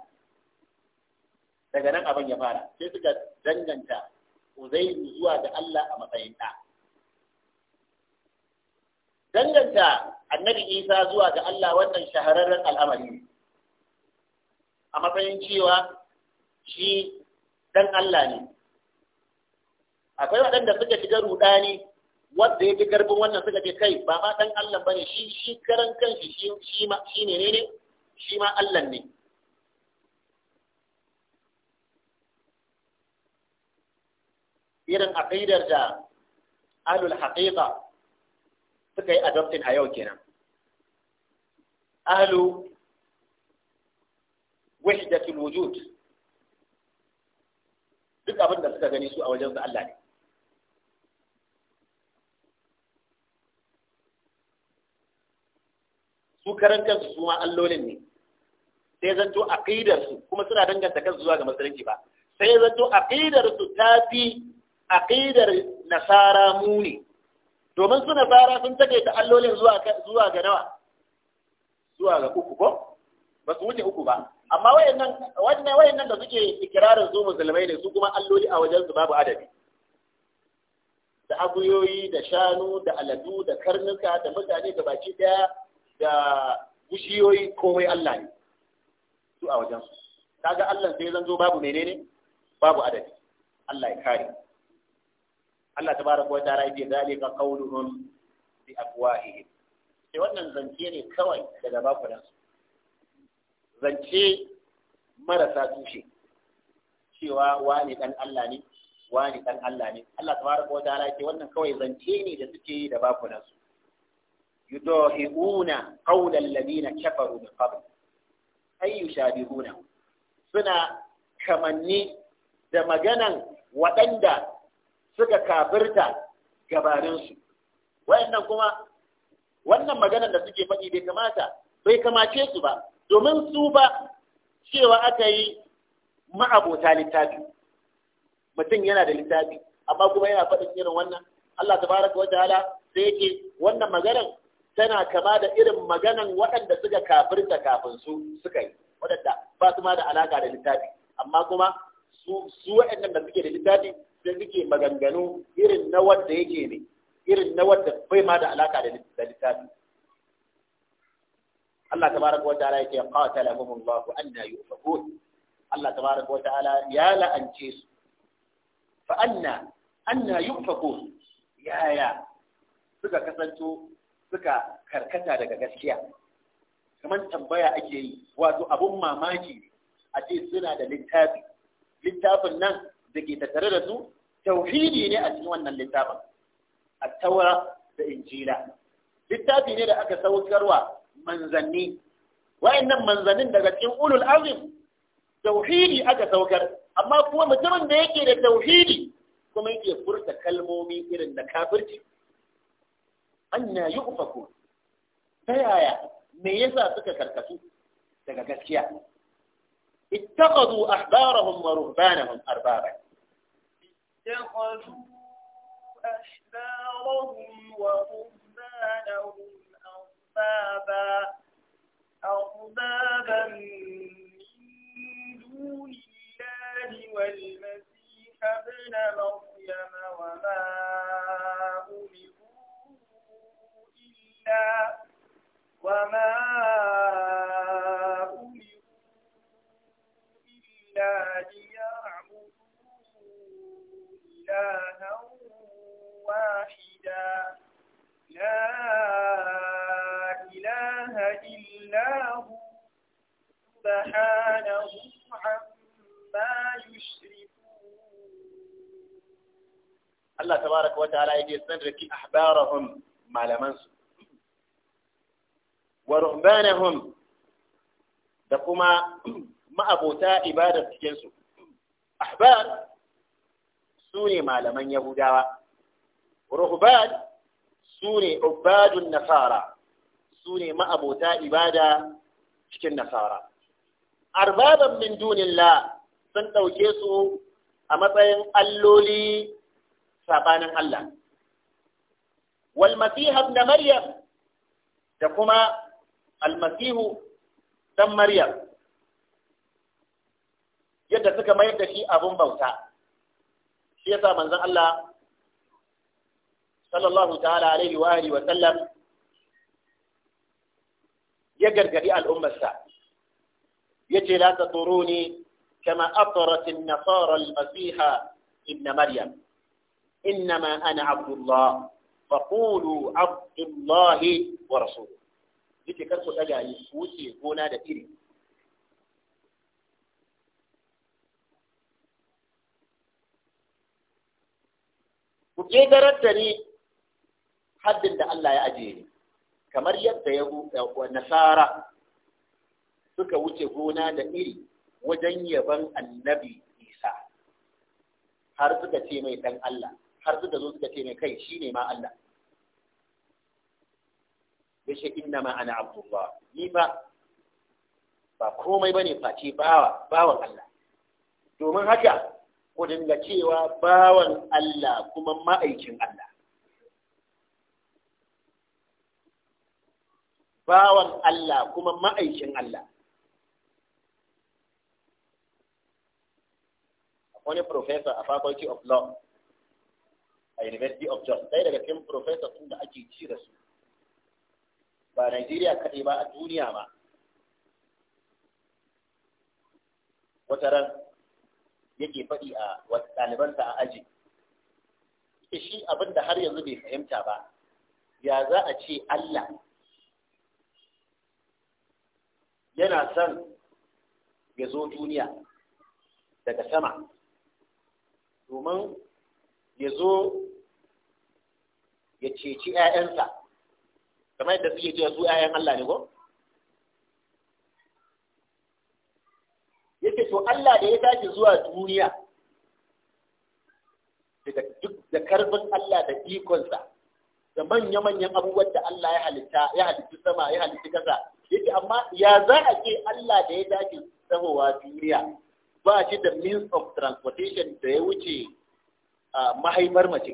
daga nan abin ya fara sai suka danganta uzairu zuwa ga Allah a matsayin ɗa danganta annabi isa zuwa ga Allah wannan shahararren al'amari a matsayin cewa shi dan Allah ne akwai waɗanda suka shiga rudani wanda ya fi karfin wannan suka ce kai ba ma dan Allah bane shi shi karan kanshi shi shi ma shi ne ne shi ma Allah ne irin aqidar da ahlul haqiqa suka yi adoptin a yau kenan ahlu wahdatul wujud duk abin da suka gani su a wajen su Allah ne su karan kansu su ma allolin ne sai zanto aqidar su kuma suna danganta kansu zuwa ga musulunci ba sai zanto aqidar su ta fi aqidar nasara muni domin su fara sun take ta allolin zuwa zuwa ga nawa zuwa ga uku ko ba su wuce uku ba amma wayannan wannan wayannan da suke ikirarin su musulmai ne su kuma alloli a wajen su babu adabi da aguyoyi da shanu da aladu da karnuka da mutane da baki daya da bishiyoyi komai Allah ne su a wajen su kaga Allah sai zan zo babu menene babu adabi Allah ya kare Allah ta tabaraka wa ta'ala yake zalika qawluhum bi afwahihim sai wannan zance ne kawai daga bakunan su zance marasa tushe cewa wani dan Allah ne wani dan Allah ne Allah tabaraka wa ta'ala yake wannan kawai zance ne da suke yi da bakunan su yudahiuna qawla alladhina kafaru min qabl ay yushabihuna suna kamanni da maganan waɗanda suka kafirta gabaninsu wayannan kuma wannan maganar da suke faɗi bai kamata bai kamace su ba domin su ba cewa aka yi ma'abota littafi mutum yana da littafi amma kuma yana faɗin irin wannan Allah Ta baraka wa ta'ala sai yake wannan maganar tana kama da irin maganan waɗanda suka kafirta kafin su suka yi waɗanda ba su ma da alaka da littafi amma kuma su waɗannan da suke da littafi da muke maganganu irin na wanda yake ne irin na wanda bai ma da alaka da littafi Allah tabaraka wa ta'ala yake qatalahum Allah anna yufakun Allah tabaraka wa ta'ala ya la'ance su fa anna anna yufakun yaya suka kasanto suka karkata daga gaskiya kamar tambaya ake yi wato abun mamaki a ce suna da littafi littafin nan da ke tattare da su توحيدي ne a cikin wannan littafin at-taura da injila littafi ne da aka saukarwa manzanni wayannan manzannin daga cikin ulul azim tauhidi aka saukar amma kuma mutumin da yake da tauhidi kuma yake furta kalmomi irin da kafirci anna yu'faku tayaya me yasa suka karkatu daga gaskiya ittakhadhu ahbarahum wa ruhbanahum arbaba اتخذوا أحبارهم ورهبانهم أربابا أربابا من دون الله والمسيح ابن مريم وما أمروا إلا وما سبحانه عما يشركون الله تبارك وتعالى يجي يستدرك أحبارهم مع لمنسو ورهبانهم دقما ما أبوتا إبادة جنسو أحبار سوني مع لمن يهوداوا رهبان سوني عباد النصارى su ne ma'abota ibada cikin nasara arbaban min dunillah sun ɗauke su a matsayin alloli sabanin Allah walmasiha na maryam da kuma Almasihu masihu dan maryam yadda suka mayar da shi abin bauta shi sa manzon Allah sallallahu ta'ala alaihi wa sallam ya gargadi al'ummarsa يجي لا تطروني كما أطرت النصارى المسيح ابن مريم إنما أنا عبد الله فقولوا عبد الله ورسوله لكي كنت أجعل يسوسي هنا دائري وكي درتني حد أن لا يأجيني كمريم النصارى suka wuce gona da iri wajen yaban annabi isa har suka ce mai dan Allah har suka zo suka ce mai kai shine ma Allah yace inna ma ana abdullah ni ba ba komai bane face bawa bawan Allah domin haka ku dinga cewa bawan Allah kuma ma'aikin Allah bawan Allah kuma ma'aikin Allah wani professor a faculty of law a university of jos ɗaya daga cikin professor sun da ake ci da su ba Najeriya kaɗai ba a duniya ma wata ran yake faɗi a wata ɗalibanta a aji shi abin da har yanzu bai fahimta ba ya za a ce Allah yana son ya zo duniya daga sama domin ya zo ya ceci ‘ya'yansa kamar yadda suke cewa su ‘ya'yan Allah ne ko? yake to Allah da ya tashi zuwa duniya daga duk da karfin Allah da ikonsa da manya-manyan abubuwan da Allah ya halitta ya halitta sama ya halitta kasa yake amma ya za a ce Allah da ya tashi tsawowa duniya ba shi da means of transportation da ya wuce a mahaimar mace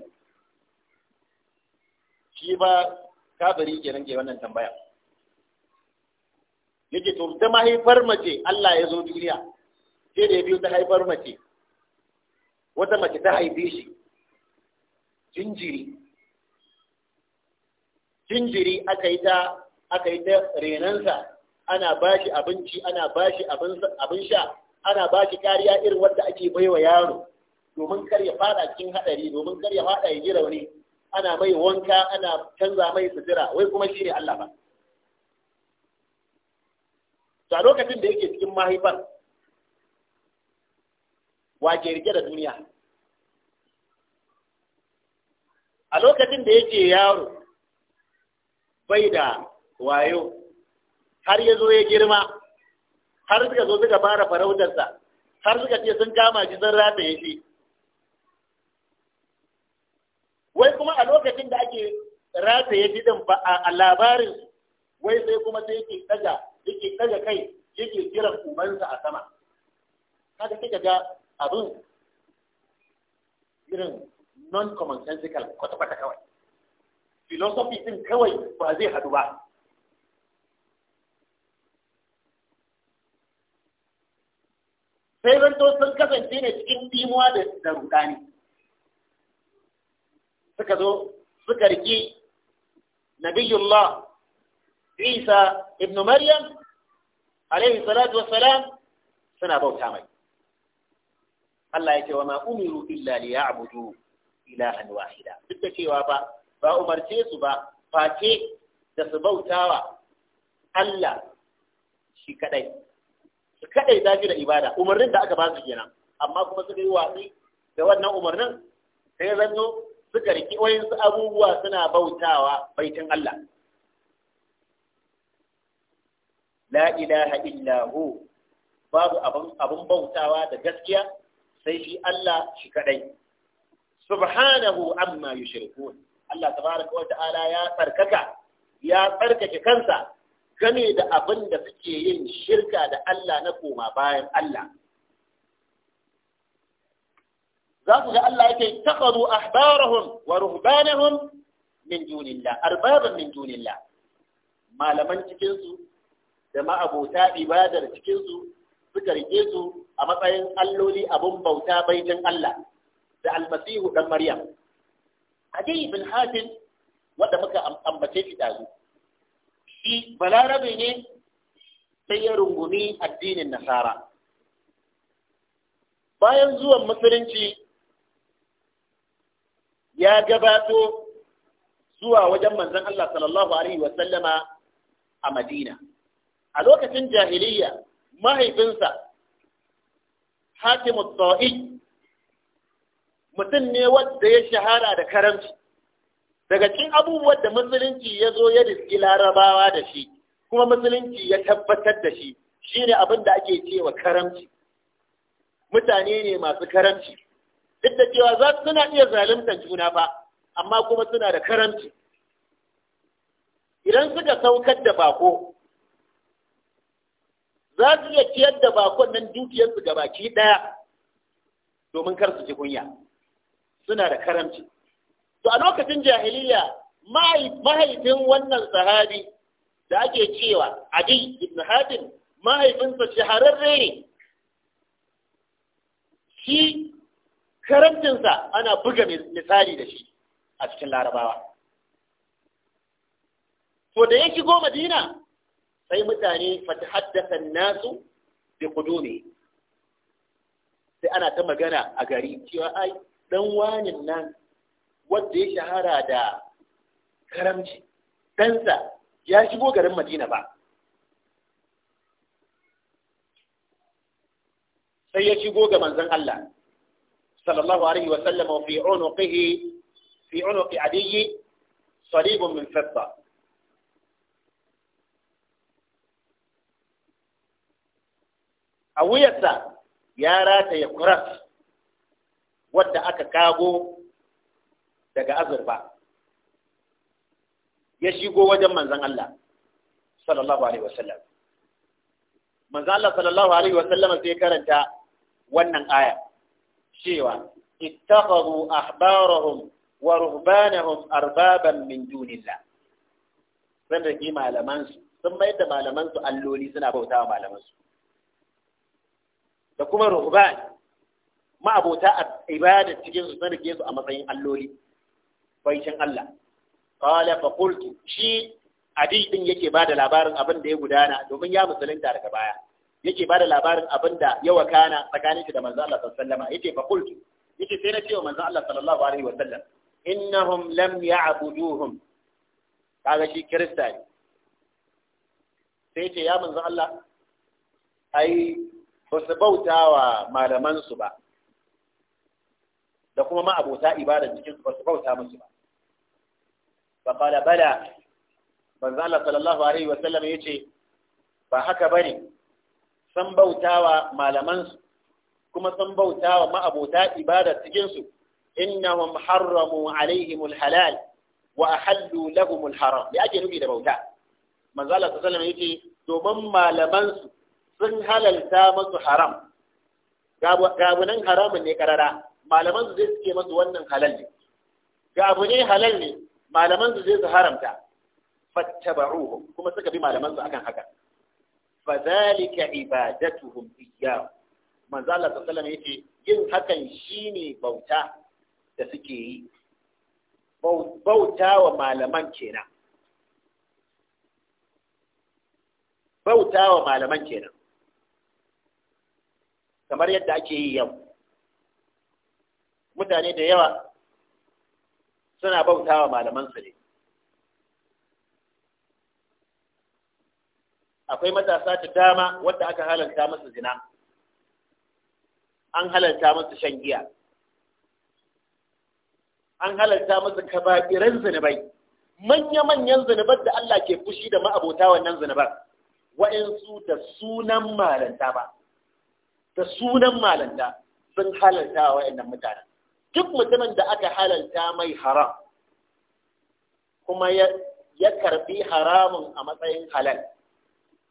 shi ba kabari nan ke wannan tambaya yake to ta mahaifar mace Allah ya zo duniya sai da ya biyu ta haifar mace wata mace ta haife shi jinjiri jinjiri aka yi ta aka yi ta renansa ana ba shi abinci ana ba shi abin sha ana ba shi kariya irin wanda ake baiwa yaro domin kar ya fada cikin hadari domin kar ya fada ya ji rauni ana mai wanka ana canza mai sutura wai kuma shi ne Allah ba a lokacin da yake cikin mahaifar ke rike da duniya a lokacin da yake yaro bai da wayo har ya zo ya girma har suka zo suka fara farautarsa har suka ce sun kama shi sun rataye shi wai kuma a lokacin da ake rataye shi din ba a labarin wai sai kuma sai yake daga yake daga kai yake kiran ubansa a sama kaga kika ga abin irin non commonsensical kwata-kwata kawai philosophy din kawai ba zai hadu ba sai zanto sun kasance ne cikin timuwa da rudani suka zo suka riki nabiyullah isa ibn maryam alaihi salatu wassalam suna bauta mai Allah ya ce wa ma umiru illa ila ilahan wahida duk da cewa ba ba umarce su ba face da su bautawa Allah shi kadai su kadai daji da ibada umarnin da aka ba su kenan amma kuma suka yi watsi da wannan umarnin sai ya zanno suka riki su abubuwa suna bautawa baitin Allah la ilaha illa hu babu abun bautawa da gaskiya sai shi Allah shi kadai subhanahu amma yushrikun Allah tabaraka wa ta'ala ya tsarkaka ya tsarkake kansa game da abin da suke yin shirka da Allah na koma bayan Allah. Za su ga Allah yake taɓaru ahbarahum wa ruhbanahum min dunillah, arbaban min dunillah. Malaman cikinsu da ma'abota ibadar cikinsu su rike su a matsayin alloli abin bauta baitin Allah da almasihu Dan Maryam. Adi bin Hatim wanda muka ambace shi ɗazu. shi balarabe ne sai ya rungumi addinin nasara bayan zuwan musulunci ya gabato zuwa wajen manzon Allah sallallahu alaihi wasallama a Madina a lokacin jahiliya mahaifinsa hatimu tsa'i mutum ne wanda ya shahara da karamci daga cikin abubuwan da musulunci ya zo ya riski larabawa da shi kuma musulunci ya tabbatar da shi shine abin da ake cewa karamci mutane ne masu karamci duk da cewa za suna iya zaluntar juna ba amma kuma suna da karamci idan suka saukar da bako za su iya ciyar da bakon nan dukiyarsu baki ɗaya domin kar su ji kunya suna da karamci to a lokacin jahiliya mahaifin wannan sahabi da ake cewa adi ibn hatim mahaifinsa shahararre ne shi karantinsa ana buga misali da shi a cikin larabawa to da ya shigo madina sai mutane fata haddasa nasu bi ne. sai ana ta magana a gari cewa ai dan wanin nan Wadda ya shahara da karamci ɗansa ya shigo garin madina ba sai ya shigo ga manzan Allah sallallahu alaihi wa sallam wa fi unuqihi fi unuqi adiyyi salibun min fidda a wuyarsa ya rataye kuras wadda aka kago daga azurfa ya shigo wajen manzan Allah sallallahu alaihi wasallam manzan Allah sallallahu alaihi wasallam sai karanta wannan aya cewa ittakhadhu ahbarahum wa ruhbanahum arbaban min dunillah sun rike malaman su sun mayar da malaman alloli suna bautawa malaman su da kuma ruhban ma'abota ibada cikin su sun rage su a matsayin alloli baicin Allah qala fa shi adi din yake bada labarin abin da ya gudana domin ya musulunta daga baya yake bada labarin abin da ya wakana tsakanin shi da manzo Allah sallallahu alaihi wasallam yake fa yake sai na ce wa manzo Allah sallallahu alaihi wasallam innahum lam ya'buduhum kaga shi kirista ne sai ce ya manzo Allah ai ba su bauta wa malamansu ba da kuma ma'abota ibadar cikin ba su bauta musu ba fa qala bala manzo sallallahu alaihi wa sallam yace ba haka bane san bautawa malaman kuma san bautawa ma'abota ibada cikin su innahum harramu alaihim alhalal wa ahallu lahum alharam ya ake nufi da bauta manzo Allah sallallahu alaihi wa domin sun halalta masu haram gabunan haramun ne karara malaman su zai suke masu wannan halal ne gabu ne halal ne malaman su zai su haramta fattaba'uhum kuma suka bi malaman su akan haka zalika ibadatuhum iyyahu manzo Allah sallallahu alaihi wasallam yace yin hakan shine bauta da suke yi bauta wa malaman kenan bauta wa malaman kenan kamar yadda ake yi yau mutane da yawa suna bautawa malaman su ne akwai matasa ta dama wadda aka halarta masu zina an halarta masu shan giya an halarta masu kaba'iran zunubai manya-manyan zunubar da Allah ke fushi da ma'abota wannan zunubar wa'insu da sunan malanta ba da sunan malanta sun halarta wa wa'annan mutanen duk mutumin da aka halalta mai haram kuma ya karbi haramun a matsayin halal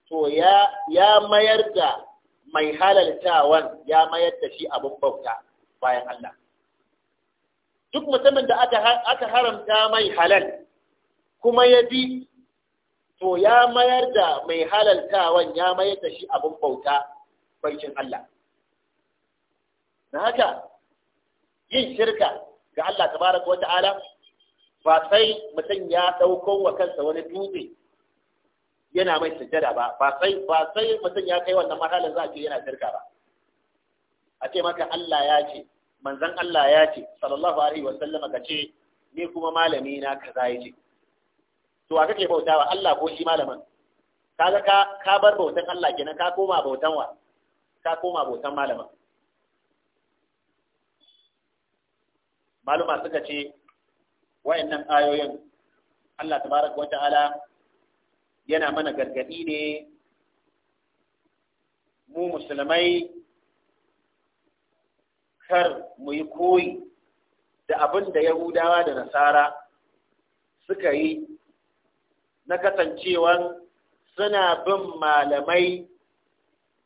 to ya mayar da mai halaltawan ya mayar da shi abin bauta bayan Allah duk mutumin da aka haramta mai halal kuma ya bi to ya mayar da mai halaltawan ya mayar da shi abin bauta baicin Allah na haka yin shirka ga Allah tabaraka wa ta'ala ba sai mutum ya ɗauko wa kansa wani dutse yana mai sujjada ba ba sai ba sai mutum ya kai wannan mahalin za a ce yana shirka ba a ce maka Allah ya ce manzon Allah ya ce sallallahu alaihi wa sallama ka ce ni kuma malami na kaza ya ce to wa kake bautawa Allah ko shi malamin kaga ka ka bar bautan Allah kenan ka koma bautan wa ka koma bautan malamin maluma suka ce wayannan ayoyin Allah tabaraka wa ta'ala yana mana gargadi ne mu musulmai kar mu yi koyi da abin da Yahudawa da Nasara suka yi na kasancewa suna bin malamai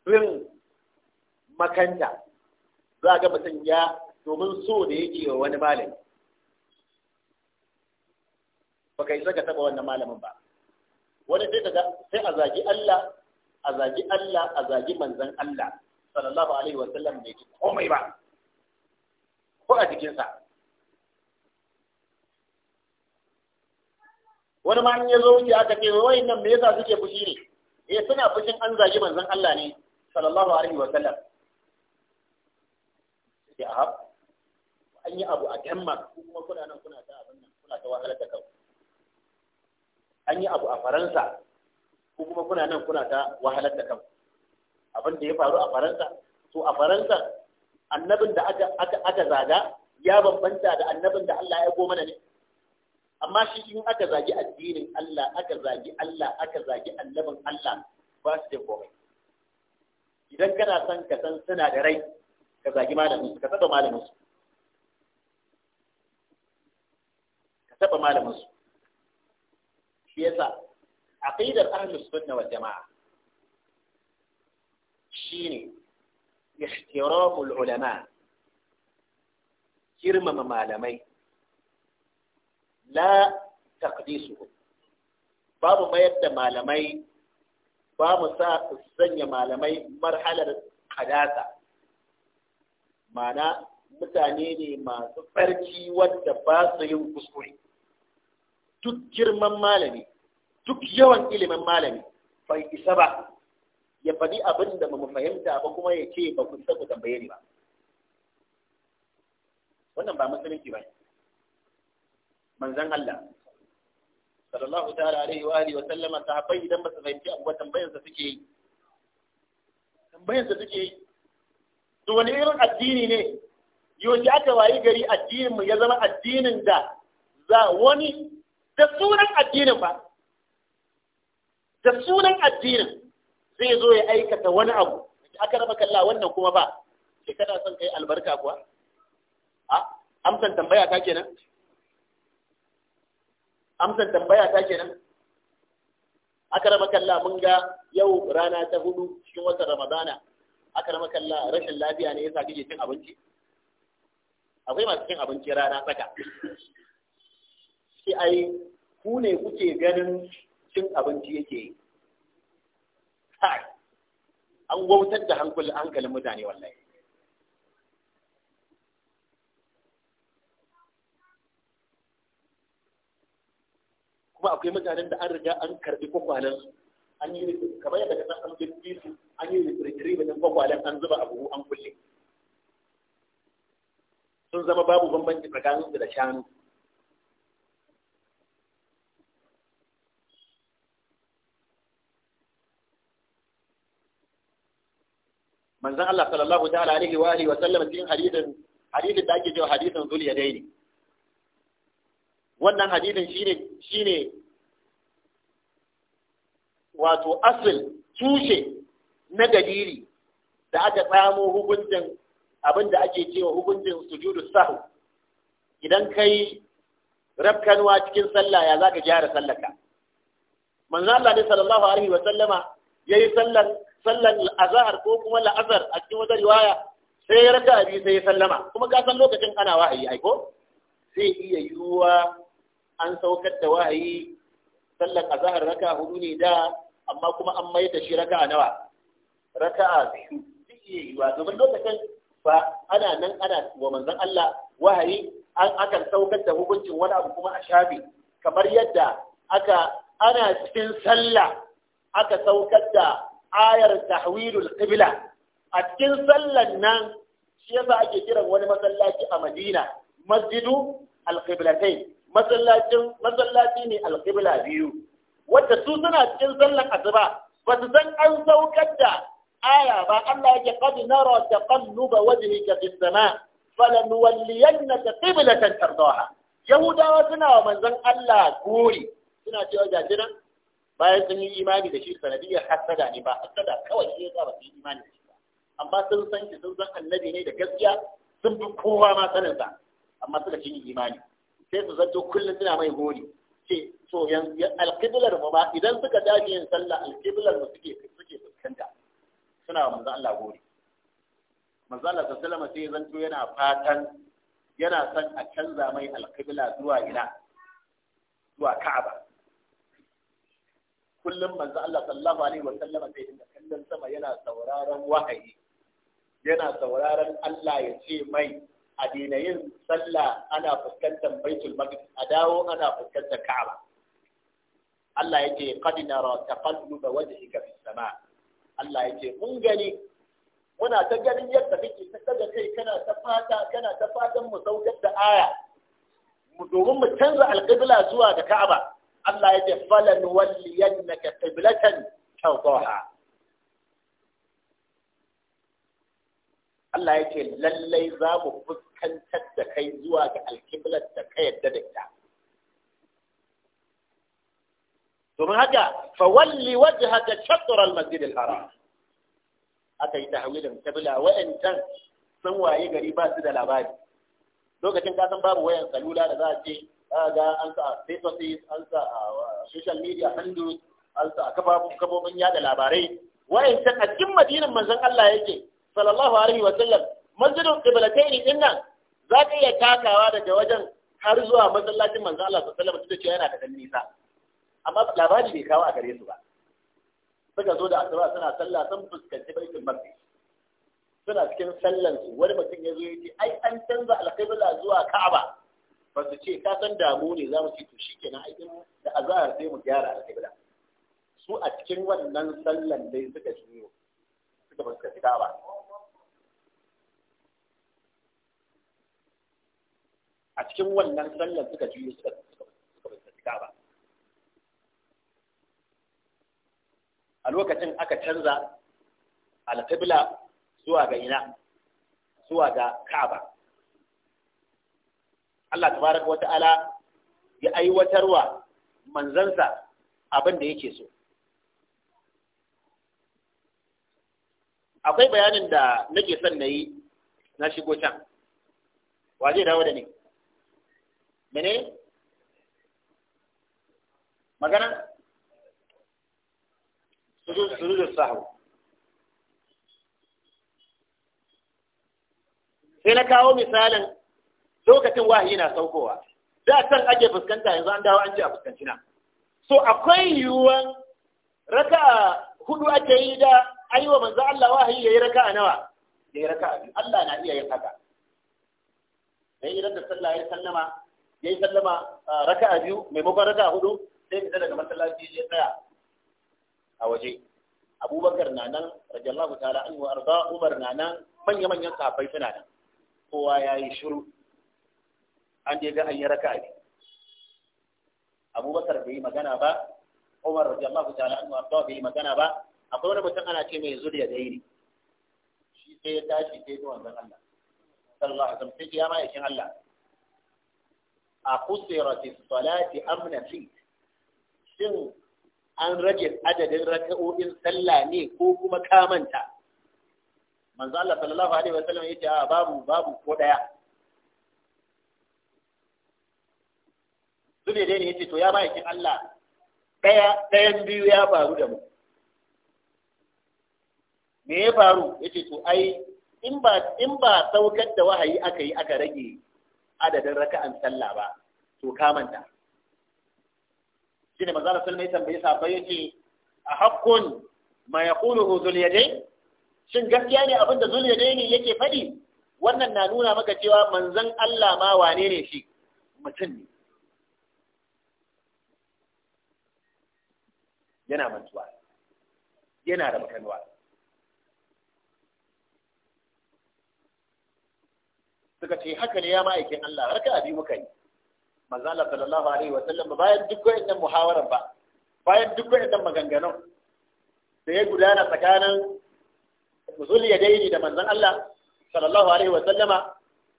bin makanta za ga mutum ya domin so da yake wa wani malami ka yi saka taba wannan malamin ba wani sai kaga sai a zagi Allah a zagi Allah a zagi manzon Allah sallallahu alaihi wa sallam bai ji komai ba ko a cikin sa wani ma ya zo wuce aka ce wai nan me yasa suke fushi ne eh suna fushin an zagi manzon Allah ne sallallahu alaihi wa sallam ya an yi abu a Denmark ko kuma kuna nan kuna ta abin nan kuna ta wahalar da kanku an yi abu a Faransa ko kuma kuna nan kuna ta wahalar da kanku abin da ya faru a Faransa to a Faransa annabin da aka aka aka zaga ya bambanta da annabin da Allah ya goma ne amma shi in aka zagi addinin Allah aka zagi Allah aka zagi annabin Allah ba su da komai idan kana son ka san suna da rai ka zagi malamin ka saba malamin su ka taɓa malaminsu shi yasa aqidar ahlus sunna wal jama'a shine ihtiramul ulama girmama malamai la taqdisuhum babu mayar da malamai ba mu sa sanya malamai marhalar kadasa mana mutane ne masu tsarki wadda ba su yin kuskure duk girman malami duk yawan ilimin malami bai isa ba ya faɗi abin da ba mu fahimta ba kuma ya ce ba ku isa ku tambaye ni ba wannan ba musulunci ba manzan Allah sallallahu ta'ala alaihi wa alihi wa sallama sahabbai idan ba su fahimci abu tambayar sa suke yi tambayar sa suke yi to wani irin addini ne yoji aka wayi gari addininmu ya zama addinin da za wani da sunan addinin ba da sunan addinin zai zo ya aikata wani abu aka raba kalla wannan kuma ba ke kada son kai albarka kuwa a amsan tambaya ta kenan amsan tambaya ta kenan aka raba kalla mun ga yau rana ta hudu cikin watan ramadana aka raba kalla rashin lafiya ne yasa kike cin abinci akwai masu cin abinci rana tsaka Shi ai ku ne kuke ganin cin abinci yake yi an wautar da hankalin mutane wallahi kuma akwai mutanen da an riga an karbi kwakwalensu an yi kamar yadda ka san an jirgi su an yi retrieve din kwakwalen an zuba abu an kulle sun zama babu bambanci tsakaninsu da shanu manzan Allah sallallahu ta'ala alaihi wa alihi wa sallam cikin hadisin hadisin da ake cewa hadisin zul yadaini wannan hadisin shine shine wato asil tushe na dalili da aka tsamo hukuncin Abin abinda ake cewa hukuncin sujudu sahu idan kai rafkanwa cikin sallah ya zaka gyara sallarka manzo Allah ne sallallahu alaihi wa sallama yayi sallan sallan azhar ko kuma la'azar a cikin wata riwaya sai ya raka biyu sai ya sallama kuma ka san lokacin ana wahayi ai ko zai iya yiwuwa an saukar da wahayi sallan azhar raka hudu ne da amma kuma an mai da shi raka nawa raka biyu zai iya yiwuwa domin lokacin ba ana nan ana wa manzon Allah wahayi an akan saukar da hukuncin wani abu kuma a shafi kamar yadda aka ana cikin sallah aka saukar da ayar tahwilul qibla a cikin sallan nan shi yasa ake kiran wani masallaci a Madina masjidu alqiblatain masallacin masallaci ne alqibla biyu wanda su suna cikin sallan asuba ba su san an saukar da aya ba Allah yake qad nara taqalluba wajhika fis sama falanuwalliyannaka qiblatan tardaha yahudawa suna wa manzon Allah gori suna cewa gajiran bayan sun yi imani da shi sanadiyar hasada ne ba hasada kawai shi yasa ba su yi imani da shi ba amma sun san shi sun ne da gaskiya sun fi kowa ma sanin sa amma suka ci imani sai su zato kullum suna mai gori ce to alqiblar mu ba idan suka dace yin sallah alkiblar mu suke suke fuskanta suna wa manzo Allah gori manzo Allah sallallahu alaihi wasallam sai yana fatan yana son a canza mai alqibla zuwa ina zuwa Ka'aba kullum manzo Allah sallallahu alaihi wasallam sai dinga kallon sama yana sauraron wahayi yana sauraron Allah ya ce mai a daina yin sallah ana fuskantar baitul maqdis a dawo ana fuskantar ka'aba Allah yake qad nara taqalluba wajhika fis sama Allah ya ce mun gani muna ta ganin yadda kake ta daga kai kana ta fata kana ta fatan mu saukar da aya domin mu canza alƙibla zuwa ga Ka'aba Allah ya ce falan walliyannaka qiblatan tawdaha Allah ya ce lallai za mu fuskantar da kai zuwa ga alƙiblar da ka yadda da ita domin haka fa walli wajhaka shatr al-masjid al-haram aka yi tahwilin kabila wa'ancan sun waye gari ba su da labari lokacin ka san babu wayan salula da za a ce ga an sa Facebook, an sa social media handles an sa kafafun kafofin yada labarai wa'ancan a cikin madinan manzon Allah yake sallallahu alaihi wa sallam masjidul qiblatayn din nan za ka iya takawa daga wajen har zuwa masallacin manzon Allah sallallahu alaihi wa sallam duk yana da nisa amma labari bai kawo a gare su ba suka zo da asuba suna sallah sun fuskanci baitin maqdis suna cikin sallan su wani mutum ya zo ya ce ai an canza alkaibala zuwa ka'aba ba su ce ka san damu ne za mu ce to shikenan ai in da azahar sai mu gyara alkaibala su a cikin wannan sallan dai suka shiyo suka fuskanci ka'aba a cikin wannan sallan suka juyo suka suka suka ka'aba a lokacin aka canza alƙibla zuwa ga ina zuwa ga ka'aba Allah tabaraka wa ta'ala ya aiwatarwa manzansa abin da yake so akwai bayanin da nake son na yi na shigo can wa dawo da ni mene magana sujudul sahwi sai na kawo misalin lokacin wahayi na saukowa da san ake fuskanta yanzu an dawo an ji a fuskanci na so akwai yiwuwan raka hudu ake yi da aiwa manzo Allah wahayi yayi raka nawa yayi raka biyu Allah na iya yin haka sai idan da sallah ya sallama yayi sallama raka biyu maimakon raka hudu sai ka daga masallaci ya tsaya a waje abubakar na nan radiyallahu ta'ala anhu arda umar na nan manya manyan sahabbai suna nan kowa ya yi shiru an je ga an yi raka ne abubakar bai yi magana ba umar radiyallahu ta'ala anhu arda bai yi magana ba akwai wani mutum ana ce mai zuriya da yiri shi sai ya tashi sai ga wannan Allah sallallahu alaihi wasallam sai ma yakin Allah a kusurati salati amna fi shin an rage adadin raka'o'in sallah ne ko kuma kamanta manzo Allah sallallahu alaihi wasallam yace a ah, babu babu ko daya zube dai ne yace to ya ma'aikin Allah daya dayan biyu ya faru da mu me ya faru yace to ai in ba in ba saukar da wahayi aka yi aka rage adadin raka'an sallah ba to kamanta shine manzo Allah sallallahu alaihi wasallam ya tambaye sahabbai yace a hakkun ma yaquluhu zul yadayn shin gaskiya ne abin da dhul yadayn yake fadi wannan na nuna maka cewa manzon Allah ma wane ne shi mutum ne yana mantuwa yana da makalwa suka ce haka ne ya ma'aikin Allah har ka abi muka yi manzo Allah sallallahu alaihi wa sallam bayan duk wayannan muhawaran ba bayan duk wayannan maganganun da ya gudana tsakanin usul yadaini da manzon Allah sallallahu alaihi wa sallama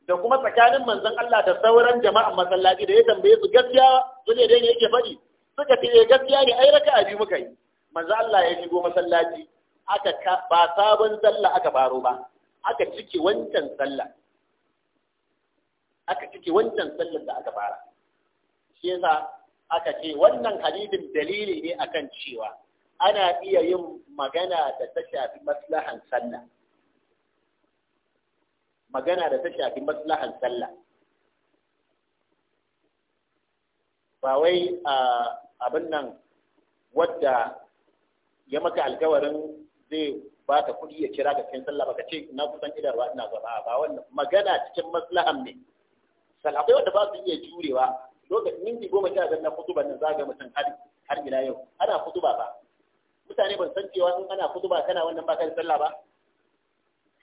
da kuma tsakanin manzon Allah da sauran jama'an masallaci da ya tambaye su gaskiya usul yadaini yake faɗi suka ce eh, gaskiya ne ai raka'a biyu muka yi manzo Allah ya shigo masallaci aka ba sabon sallah aka baro ba aka cike wancan sallah aka cike wancan sallah da aka fara shi yasa aka ce wannan hadisin dalili ne akan cewa ana iya yin magana da ta shafi maslahan sallah magana da ta shafi maslahan sallah ba wai abin nan wadda ya maka alkawarin zai ba ta kuɗi ya kira ga cikin sallah baka ce na kusan idarwa ina gaba ba wannan magana cikin maslahan ne akwai wanda ba su iya jurewa lokacin minti goma sha biyar na kutuba nan zaga mutum har har ila yau ana kutuba ba mutane ban san cewa in ana kutuba kana wannan baka da sallah ba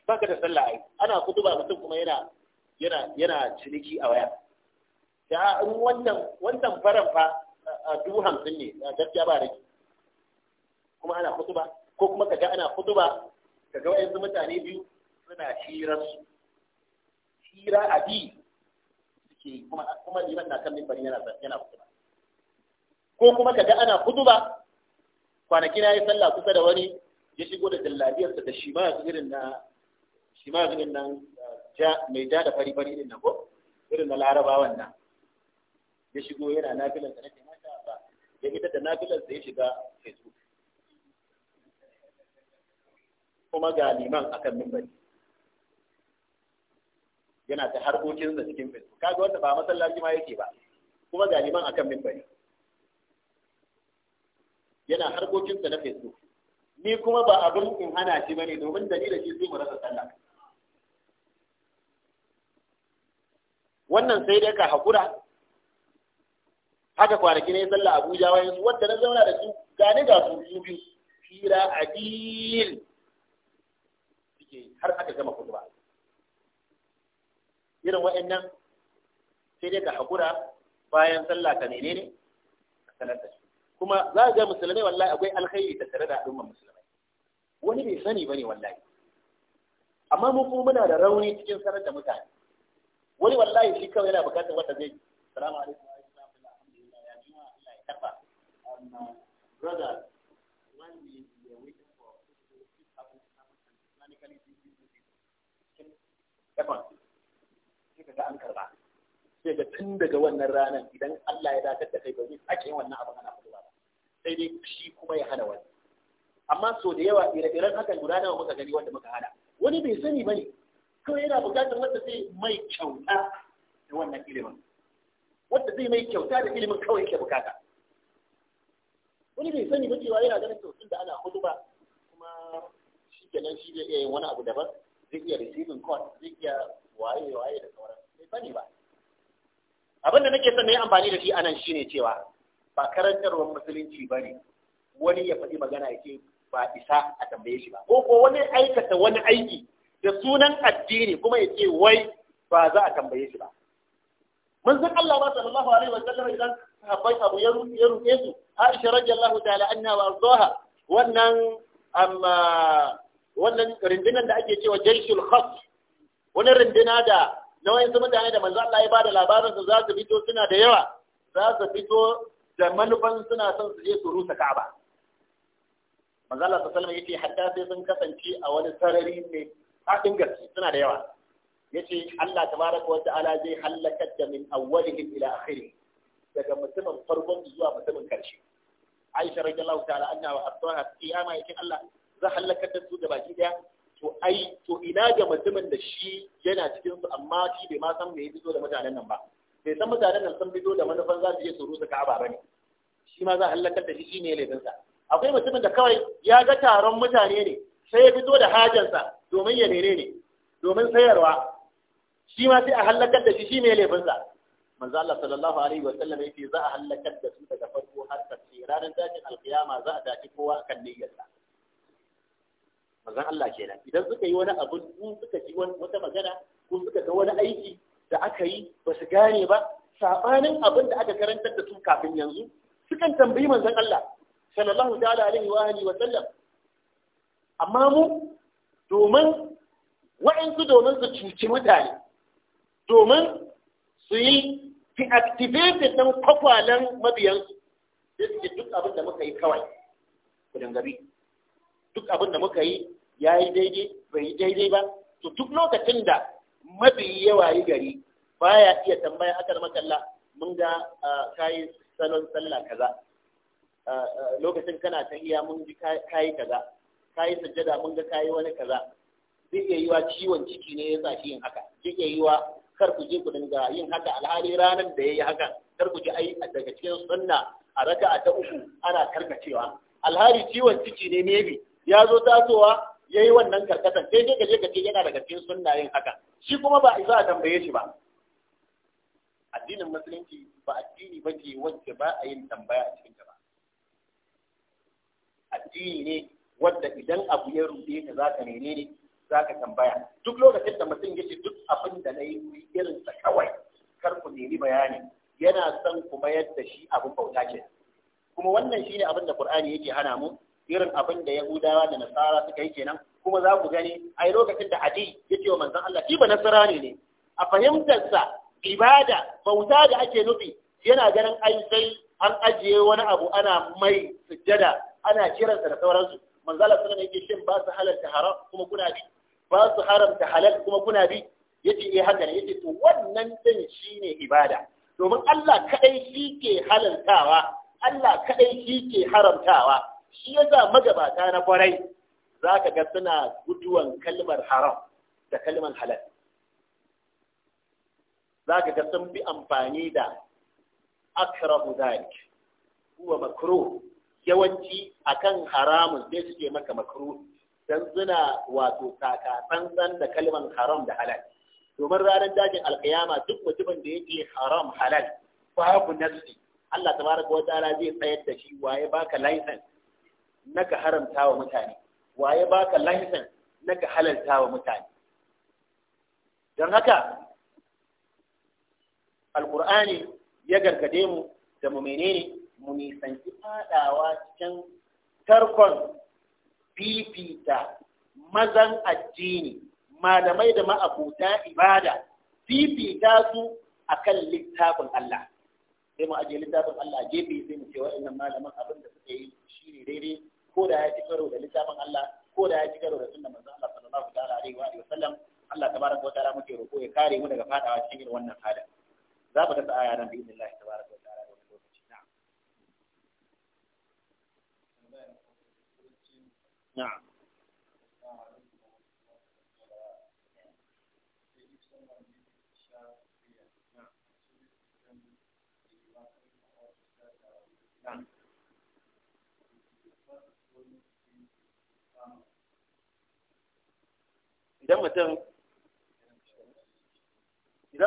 baka da sallah ai ana kutuba mutum kuma yana yana yana ciniki a waya da in wannan wannan faran fa dubu hamsin ne gaskiya ba rage kuma ana kutuba ko kuma kaga ana kutuba kaga wayansu mutane biyu suna shirar su hira a bi ke kuma kuma liman na kan mimbari yana yana kuma ko kuma kaga ana kutuba kwanaki na yi sallah kusa da wani ya shigo da sa da shi ma irin na shi ma irin nan mai ja da fari fari din nan ko irin na larabawan nan ya shigo yana nafilan sa nake masha ba ya fitar da nafilan sa ya shiga Facebook kuma ga liman akan mimbari yana ta harkokinsa cikin Ka kaga wanda ba masallaci ma yake ba kuma galiban akan mimbari yana harkokinsa na fesbuk. ni kuma ba abin in hana shi bane domin dalilin shi sai mu rasa sallah wannan sai dai ka hakura haka kwanaki ne sallah Abuja wayan su wanda na zauna da su gani ga su biyu biyu hira adil suke har aka gama kuma irin wa'annan sai dai ka haƙura bayan sallah ka nene ne a sanar kuma za a ga musulmai wallahi akwai alkhairi tare da al'umman musulmai wani bai sani ba ne wallahi amma mu kuma muna da rauni cikin sanar da mutane wani wallahi shi kawai yana bukatar wanda zai salamu alaikum wa rahmatullahi alhamdulillah ya jima Allah ya tafa ka ga an karba sai ga tun daga wannan ranar idan Allah ya dakatar da kai ba zai sake wannan abin ana faɗuwa ba sai dai shi kuma ya hana wani amma so da yawa ire-iren hakan guda nawa muka gani wanda muka hada wani bai sani ba ne kawai yana buƙatar wanda zai mai kyauta da wannan ilimin wanda zai mai kyauta da ilimin kawai ke bukata wani bai sani ba cewa yana ganin kyautun da ana hudu ba kuma shi kenan shi zai iya yin wani abu daban zai iya receiving call zai iya waye waye da sauran bai ba abin da nake son na yi amfani da shi a nan shi ne cewa ba karantarwar musulunci ba ne wani ya faɗi magana ya ce ba isa a tambaye shi ba ko ko wani aikata wani aiki da sunan addini kuma ya ce wai ba za a tambaye shi ba mun san Allah ba sallallahu alaihi wa sallam idan sahabbai abu ya rufe su Aisha radiyallahu ta'ala anha wa ardaha wannan amma wannan rindinan da ake cewa jaishul khas wani rindina da na wayansu mutane da manzo Allah ya bada labarin su za su fito suna da yawa za su fito da manufan suna son su je su rusa Ka'aba manzo Allah sallallahu alaihi wasallam hatta sai sun kasance a wani sarari ne a dinga suna da yawa yace Allah tabaraka wa ta'ala zai halaka da min awwalihim ila akhirih daga mutumin farkon zuwa mutumin karshe Aisha radiyallahu ta'ala anha wa asbaha kiyama yake Allah za halaka da su da baki daya to ai to ina ga mutumin da shi yana cikin su amma shi bai ma san me ya fito da mutanen nan ba bai san mutanen nan sun fito da manufan za su je su rusa Ka'aba bane shi ma za a halakar da shi shine ne laifinsa? akwai mutumin da kawai ya ga taron mutane ne sai ya fito da hajansa domin ya ne? domin sayarwa shi ma sai a halakar da shi shine ne laifinsa? manzo Allah sallallahu alaihi wa sallam yake za a halakar da su daga farko har ƙarshe ranar tashin alkiyama za a dace kowa kan niyyarsa manzon Allah kenan idan suka yi wani abu ko suka ji wata magana ko suka ga wani aiki da aka yi ba su gane ba sabanin abin da aka karantar da su kafin yanzu sukan tambayi manzon Allah sallallahu ta'ala alaihi wa alihi wa sallam amma mu domin wa'ansu domin su cuci mutane domin su yi fi activated ɗin kwakwalen mabiyansu duk abin da muka yi kawai ku dangabi duk abin da muka yi ya yi daidai bai yi daidai ba to duk lokacin da mafi yawa yi gari baya iya tambaya akar makalla mun ga kayi salon sallah kaza lokacin kana ta iya mun ji kayi kaza kayi sajjada mun ga kayi wani kaza zai iya yi wa ciwon ciki ne ya sashi yin haka zai iya wa kar ku je ku dinga yin haka alhali ranar da ya yi haka kar ku ji ai daga cikin sunna a raka'a ta uku ana karkacewa alhali ciwon ciki ne maybe ya zo tasowa ya yi wannan karkatan sai dai gaje gaje yana daga cikin sunna yin haka shi kuma ba isa a tambaye shi ba addinin musulunci ba addini ba ke wacce ba a yin tambaya a cikin ba addini ne wadda idan abu ya rufe ka za ka nene ne za ka tambaya duk lokacin da mutum ya ce duk abin da na yi irinsa kawai kar ku nemi bayani yana son kuma yadda shi abin bauta ce kuma wannan shine abin da Qur'ani yake hana mu irin abin da Yahudawa da Nasara suka yi kenan kuma za ku gani ai lokacin da Adi ya ce wa manzon Allah shi ba Nasara ne ne a fahimtarsa ibada bauta da ake nufi yana ganin ai sai an ajiye wani abu ana mai sujjada ana kiransa da sauransu manzon Allah sallallahu yake shin ba su halalta haram kuma kuna bi ba su haramta halal kuma kuna bi yace eh haka ne yace to wannan din shine ibada domin Allah kadai shi ke halaltawa Allah kadai shi ke haramtawa shi yasa magabata na kwarai za ka ga suna guduwan kalmar haram da kalmar halal za ka ga sun bi amfani da akrahu zalik kuwa makro yawanci kan haramun sai suke maka makro don suna wato taka da kalmar haram da halal domin ranar dajin alkiyama duk mutumin da yake haram halal babu nafsi Allah tabaraka wa ta'ala zai tsayar da shi waye baka license na ka haramta wa mutane waye baka license na ka halalta wa mutane don haka alkur'ani ya gargade mu da mu menene mu nisanci fadawa cikin tarkon fifita mazan addini malamai da ma'abuta ibada fifita su akan littafin Allah sai mu ajiye littafin Allah a gefe sai mu ce wa'annan malaman abin da suka yi shi ne daidai ko da ya ci karo da littafin Allah ko da ya ci karo da sunnar manzon Allah sallallahu alaihi wa sallam Allah tabaraka wa ta'ala muke roƙo ya kare mu daga fadawa cikin wannan hada za mu dasa aya nan bi idnillah tabaraka wa ta'ala wannan lokaci na'am na'am idan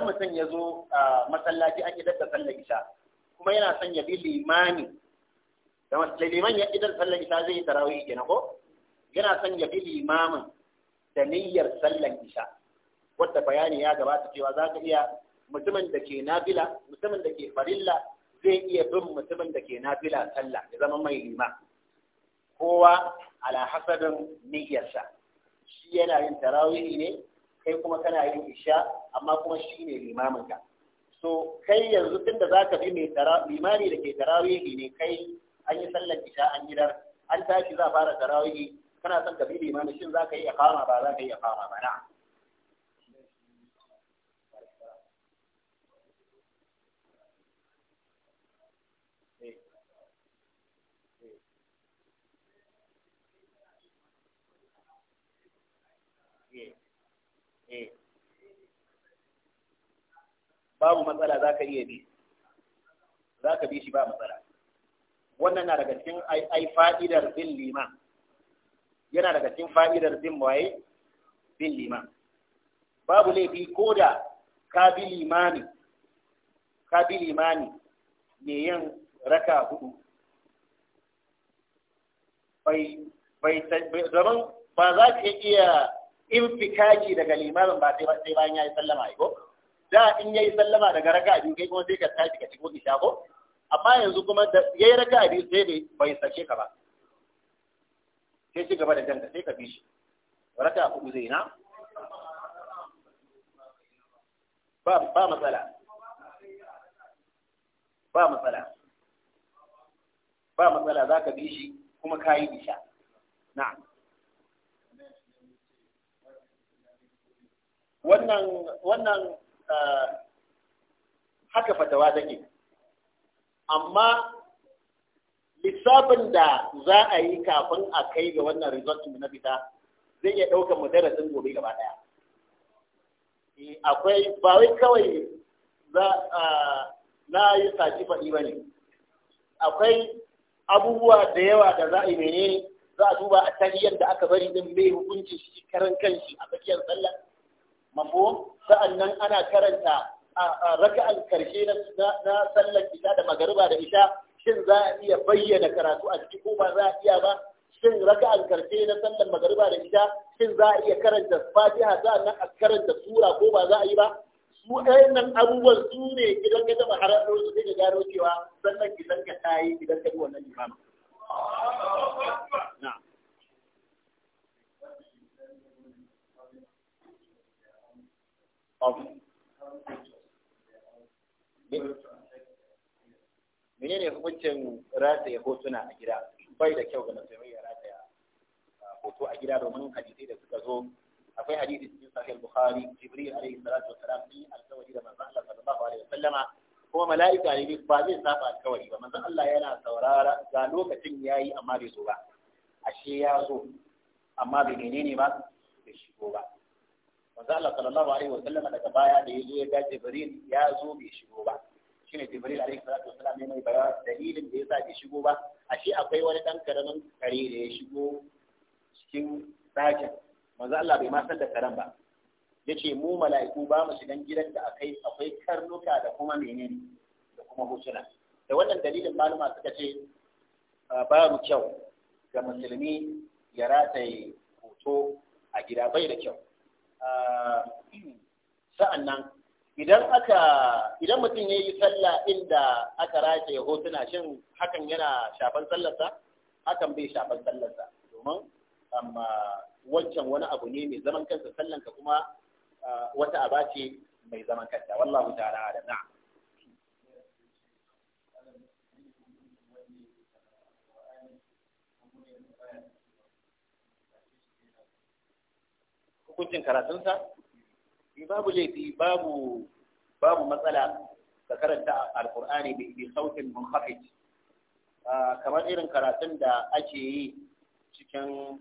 mutum ya zo a masallaci an idar da sallar isa, kuma yana son ya bi limani da liman ya idar sallar isa zai yi tarawih kenan ko yana son ya bi limamin da niyyar sallar isa. wadda bayani ya gabata cewa za ka iya mutumin da ke nafila mutumin da ke farilla zai iya bin mutumin da ke nafila sallah ya zama mai lima kowa ala hasabin niyyarsa shi yana yin tarawihi ne kai kuma kana yin isha amma kuma shi ne limamin so kai yanzu tunda zaka bi mai limami da ke tarawihi ne kai an yi sallar isha an gidar an tashi za fara tarawihi kana son ka bi limami shin zaka yi iqama ba zaka yi iqama ba na'am Eh. babu matsala za ka iya bi za ka bi shi ba matsala wannan na daga cikin ai fa'idar bin liman yana daga cikin fa'idar bin waye bin liman babu laifi ko da ka bi limani ka bi limani ne yin raka hudu bai bai zaman ba za ka iya infikaci daga limamin ba sai bayan ya yi sallama ko da in ya yi sallama daga raka biyu kai kuma sai ka tafi ka shigo isha ko amma yanzu kuma da ya yi raka biyu sai bai sake ka ba sai ci gaba da janka sai ka bi shi raka hudu zai na ba ba matsala ba matsala ba matsala za ka bi shi kuma ka yi isha na'am wannan wannan eh, haka fatawa take amma lissafin da za a yi kafin a kai ga wannan result na fita zai iya ɗaukar mu darasin gobe gaba ɗaya eh, akwai ba wai kawai za eh, na yi saci faɗi ba ne akwai abubuwa da yawa da za a yi menene za a duba a tariyar da aka bari din mai hukunci shi karan kanshi a tsakiyar sallah mafhum sa'annan ana karanta raka'an karshe na sallar isha da magariba da isha shin za a iya bayyana karatu a ciki ko ba za a iya ba shin raka'an karshe na sallar magariba da isha shin za a iya karanta fatiha za a karanta sura ko ba za a yi ba su ɗayan abubuwan su ne idan ka taɓa haraɗo su sai ka gano cewa sannan idan ka tayi idan ka bi wannan limamin. mene ne hukuncin rataye hotuna a gida bai da kyau ga musulmi ya rataya ah, hoto a gida domin hadisai da suka zo akwai hadisi cikin sahih bukhari jibril alaihi salatu wasalam ni alkawari da manzon Allah sallallahu alaihi wasallama kuma mala'ika ne ba zai saba alkawari ba manzon Allah yana saurara ga lokacin yayi amma bai zo ba ashe ya zo amma bai menene ba bai shigo ba manzo Allah sallallahu alaihi wa sallam daga baya da yazo ya ga Jibril ya zo bai shigo ba shine Jibril alaihi salatu wasallam ne mai bayan dalilin da yasa bai shigo ba ashe akwai wani dan karamin kare da ya shigo cikin dakin manzo Allah bai ma san da karen ba yace mu mala'iku ba mu shigan gidan da akai akwai karnuka da kuma menene da kuma hotuna da wannan dalilin maluma suka ce ah, babu kyau ga musulmi ya rataye hoto a gida bai da kyau sa'annan idan aka idan mutum ya yi sallah inda aka ya hotuna shin hakan yana shafan sallarsa hakan bai shafan sallarsa domin amma um, wancan wani abu ne mai zaman kansa sallanka kuma uh, wata aba ce mai zaman kanta wallahu ta'ala da na'am hukuncin karatunsa babu laifi babu babu matsala ka karanta alkur'ani bi sautin munkhafid kamar irin karatun da ake yi cikin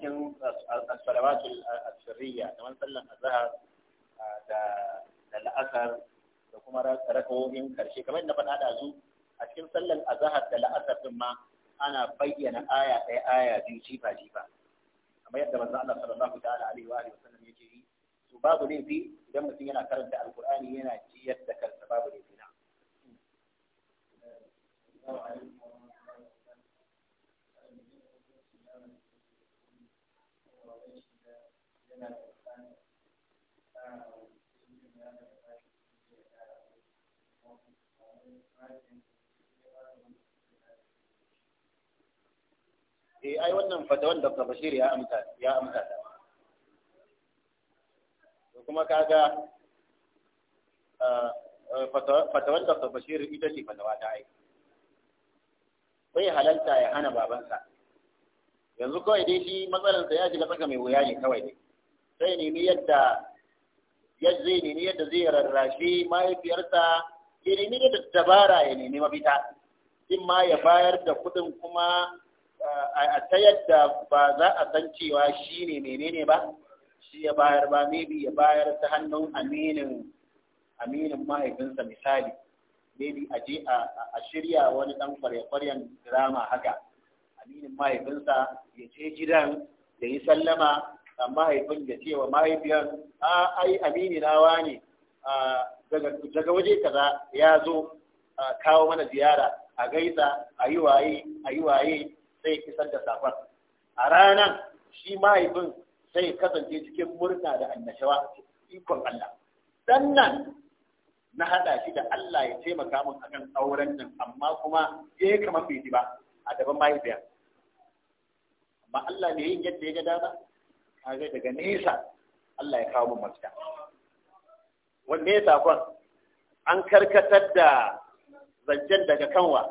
cikin as-salawatul as kamar sallan azhar da da la'asar da kuma rakawoyin karshe kamar na faɗa da zu a cikin sallan azhar da la'asar din ma ana bayyana aya ɗaya aya biyu jifa jifa kamar yadda manzo Allah sallallahu ta'ala alaihi wa alihi wasallam yake yi to babu laifi idan mutum yana karanta alqur'ani yana jiyar da kansa babu laifi na sai eh, ai wannan fatawan Dr. Bashir ya amsa ya amsa ta to kuma kaga eh, eh, fatawan Dr. Bashir ita ce fatawa ta ai bai halalta ya hana babansa yanzu kawai dai shi matsalarsa ya shiga tsaka mai wuya ne kawai dai sai nemi yadda yadda zai nemi yadda zai rarrashi mahaifiyarsa ya nemi yadda dabara ya nemi mafita in ma ya bayar da kuɗin kuma A ta yadda ba za a san cewa shi ne menene ba shi ya bayar ba maybe ya bayar ta hannun aminin aminin mahaifinsa misali maybe a je a shirya wani dan kwarekwaryen kwaryan drama haka aminin mahaifinsa ya je gidan da ya sallama a mahaifin da cewa mahaifiyar a ai amini nawa ne daga waje kaza ya zo kawo mana ziyara a gaisa a yi waye a yi waye zai isar da safar a ranan shi mahaifin sai kasance cikin murna da annashawa ikon Allah dan nan na haɗa shi da Allah ya taimaka min akan auren nan amma kuma je kamar bai ba a daban mahaifiya amma Allah ne yin yadda ya ga dama kaga daga nesa Allah ya kawo min mafita wanne ya sakon an karkatar da zancen daga kanwa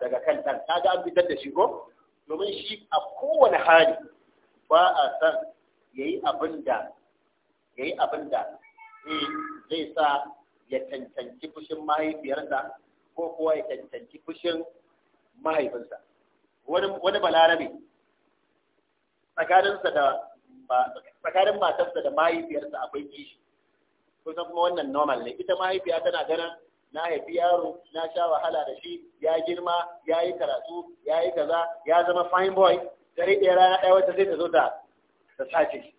daga kan ɗan ga an fitar da shi ko domin shi a kowane hali ba a san ya yi abin da zai sa ya cancanci fushin mahaifiyarsa ko kuwa ya cancanci fushin mahaifinsa wani balarabe tsakaninsa da tsakanin matarsa da mahaifiyarsa akwai kishi kusan kuma wannan normal ne ita mahaifiya tana ganin na haifi yaro na sha wahala da shi ya girma ya yi karatu ya yi kaza ya zama fine boy dare ɗaya rana ɗaya wata sai ta zo da ta sace shi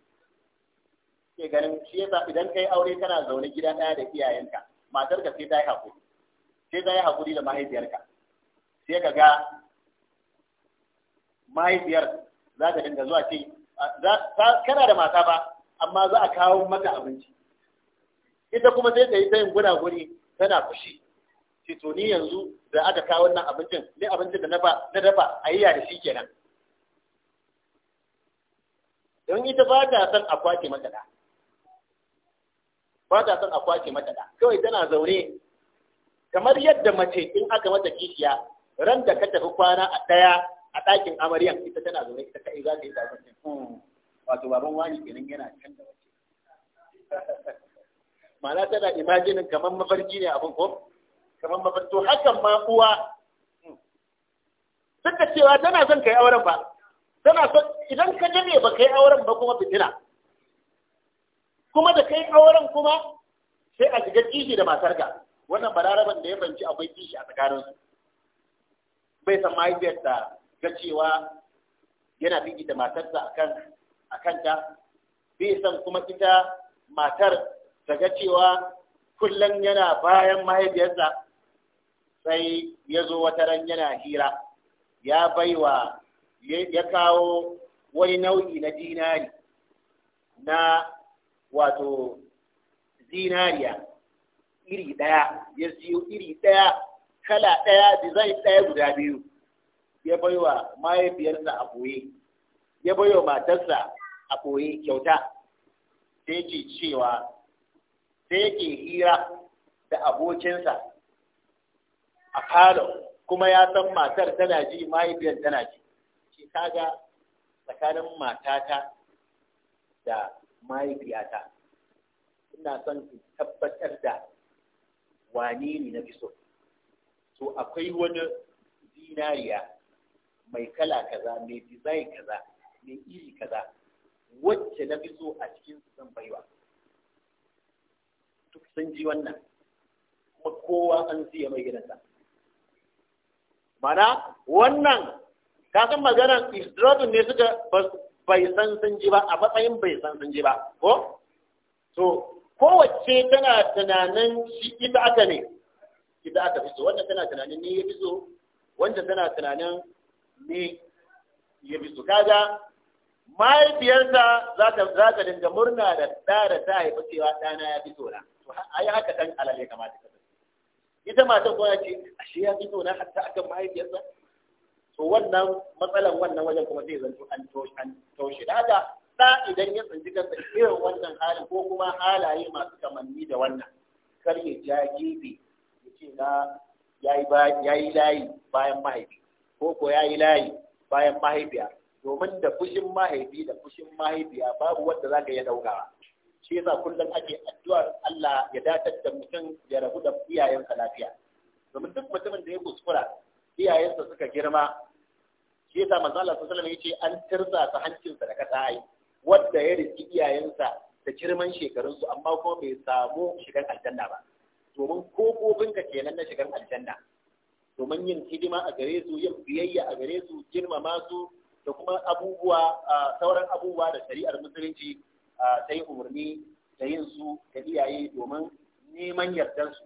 ke ganin shi yasa idan kai aure kana zaune gida ɗaya da iyayenka matarka sai ta yi hakuri sai ta yi hakuri da mahaifiyarka sai ka ga mahaifiyar za ta dinga zuwa ce kana da mata ba amma za a kawo mata abinci ita kuma sai ta yi ta yin gura guri tana fushi ce to ni yanzu da aka kawo wannan abincin ne abincin da na dafa a yi da shi kenan don ita ba ta san akwati mata da ba ta san akwati mata da kawai tana zaune kamar yadda mace in aka mata kishiya ran da ka tafi kwana a ɗaya a ɗakin amaryan ita tana zaune ita kai za ta yi zaɓen hmm. wato baban wani kenan yana can da wace <laughs> ma'ana tana imajinin kamar mafarki ne abin ko kamar mafarki to hakan ma uwa suka hmm. cewa tana son kai auren ba tana son idan ka dade ba kai auren ba kuma fitina kuma da kai auren kuma sai a shiga kishi da ka wannan bararaban da ya banci akwai kishi a tsakaninsu bai san mahaifiyarta ga cewa yana fiki da matarsa akan akanta bai san kuma ita matar daga cewa kullum yana bayan mahaifiyarsa sai ya zo wata ran yana hira ya baiwa ya kawo wani nau'i na dinari na wato zinariya iri ɗaya ya siyo iri ɗaya kala ɗaya design ɗaya guda biyu ya baiwa mahaifiyarsa a ɓoye ya baiwa matarsa a ɓoye kyauta sai ce cewa sai yake hira da abokinsa a falon kuma ya san matar tana ji mahaifiyar tana ji ce kaga tsakanin matata da mahaifiyata ina son in tabbatar da wane ne na fi so to akwai wani zinariya mai kala kaza mai design kaza mai iri kaza wacce na fi so a cikin su zan baiwa duk sun ji wannan kuma kowa an siya mai gidansa mana wannan ka san maganar ne suka bai san sun ji ba a matsayin bai san sun ji ba ko to kowace tana tunanin shi ita aka ne ita aka fi so wanda tana tunanin ne ya fi so wanda tana tunanin ne ya fi so kaga mahaifiyarsa za ta za ta dinga murna da da da ta haifa cewa ɗana ya fito na to ai haka dan alale kamata ka ita matan ko ya ce ashe ya fito na hatta akan mahaifiyarsa to wannan matsalan wannan wajen kuma zai zanto an to an shi da haka da idan ya tsinci kansa irin wannan halin ko kuma halaye masu kamanni da wannan kar ya ja gefe ya ce na ya yi layi bayan mahaifi ko ko ya yi layi bayan mahaifiya domin da fushin mahaifi da fushin mahaifiya babu wanda za ka iya dauka shi yasa kullum ake addu'ar Allah ya datar da mutum ya rabu da iyayensa lafiya domin duk mutumin da ya kuskura iyayensa suka girma shi yasa manzo Allah sallallahu alaihi yace an tirza ta hancinsa da kasa ai wanda ya riki iyayensa da girman shekarunsu amma kuma bai samu shigar aljanna ba domin ko kokofinka kenan na shigar aljanna domin yin hidima a gare su yin biyayya a gare su girmama su da kuma abubuwa sauran abubuwa da shari'ar musulunci ta yi umarni da yin su ga iyaye domin neman yardansu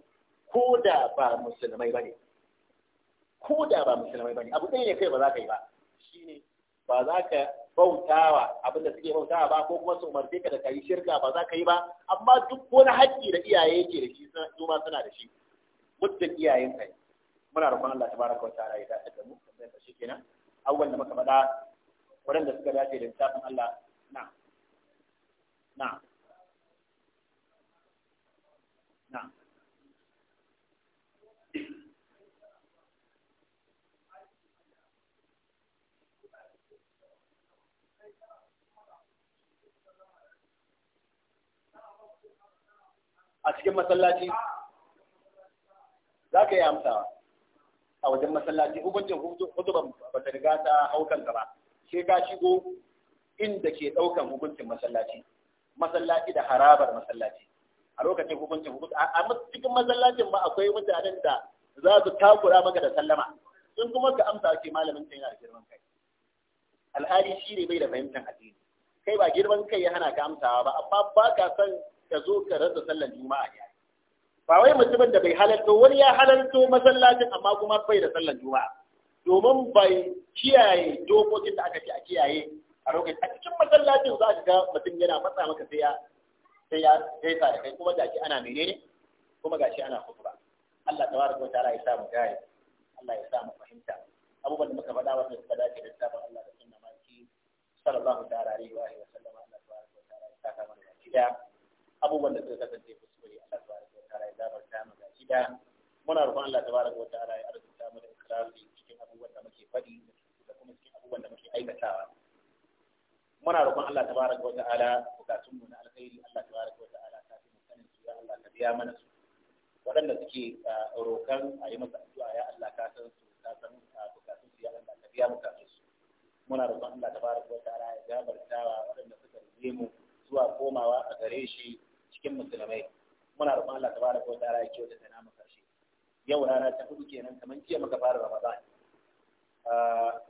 ko da ba musulmai ba ne ko da ba musulmai ba ne abu ɗaya ne kai ba za ka yi ba shine ba za ka bautawa abin da suke bautawa ba ko kuma su umarce ka da kai shirka ba za ka yi ba amma duk wani haƙƙi da iyaye yake da shi su ma suna da shi muddin iyayen kai muna roƙon Allah tabaraka wa ta'ala ya dace da mu kamar ta shi kenan awwal da muka faɗa waɗanda suka dace da littafin Allah na na na a cikin masallaci za ka yi amsawa a wajen masallaci hukuncin hudu ba ta riga ta haukan ba sai ka shigo inda ke ɗaukan hukuncin masallaci masallaci da harabar masallaci a lokacin hukuncin hukuncin. a cikin masallacin ma akwai mutanen da za su takura maka da sallama sun kuma ka amsa ake malamin kai yana da girman kai alhali shi ne bai da fahimtar addini kai ba girman kai ya hana ka amsawa ba amma ba ka san ka zo ka rasa sallar juma'a ya ba wai mutumin da bai halarta wani ya halarta masallacin amma kuma bai da sallar juma'a domin bai kiyaye dokokin da aka ce a kiyaye a lokacin a cikin masallacin za ga mutum yana matsa maka sai ya sai ya gaisa da kai kuma shi ana menene kuma ga shi ana kutuba Allah ta baraka wa ta'ala ya sa mu gane Allah ya sa mu fahimta abubuwan da muka faɗa wanda suka dace da tsaba Allah da sunna maki sallallahu ta'ala alaihi wa alihi wa sallama Allah baraka wa ta'ala ya saka mana gashi abubuwan da suka kasance kuskure Allah baraka wa ta'ala ya zabarta mu gashi muna roƙon Allah ta baraka wa ta'ala ya arzuta mu da ikhlasi da muke faɗi da kuma cikin abubuwan da muke aikatawa muna roƙon Allah tabaraka wa ta'ala bukatun mu na alkhairi Allah tabaraka wa ta'ala ta fi sanin su ya Allah ka biya mana su waɗanda suke roƙon a yi masa addu'a ya Allah ka san su ka san bukatun su ya Allah ka biya bukatun su muna roƙon Allah tabaraka wa ta'ala ya gabarta wa waɗanda suka rige mu zuwa komawa a gare shi cikin musulmai muna roƙon Allah tabaraka wa ta'ala ya kyautata namu kashi yau rana ta hudu kenan kamar jiya muka fara Ramadan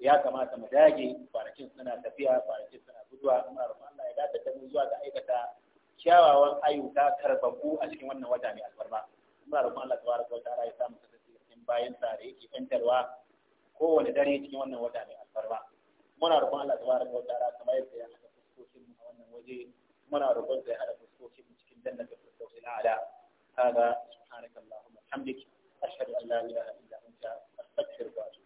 ya kamata mu dage kwanakin suna tafiya kwanakin suna guduwa muna roƙon Allah ya dace da mu zuwa ga aikata kyawawan ayyuka karbabu a cikin wannan wata mai albarba muna roƙon Allah tabaraka wa ta'ala ya samu kasance cikin bayan sa yake kantarwa kowane dare cikin wannan wata mai albarba muna roƙon Allah tabaraka wa ta'ala kamar yadda ya haɗa fuskokin mu a wannan waje muna roƙon sa ya haɗa fuskokin mu cikin jannatin firdausi na ala هذا سبحانك اللهم وبحمدك أشهد أن لا إله إلا أنت أستغفرك وأتوب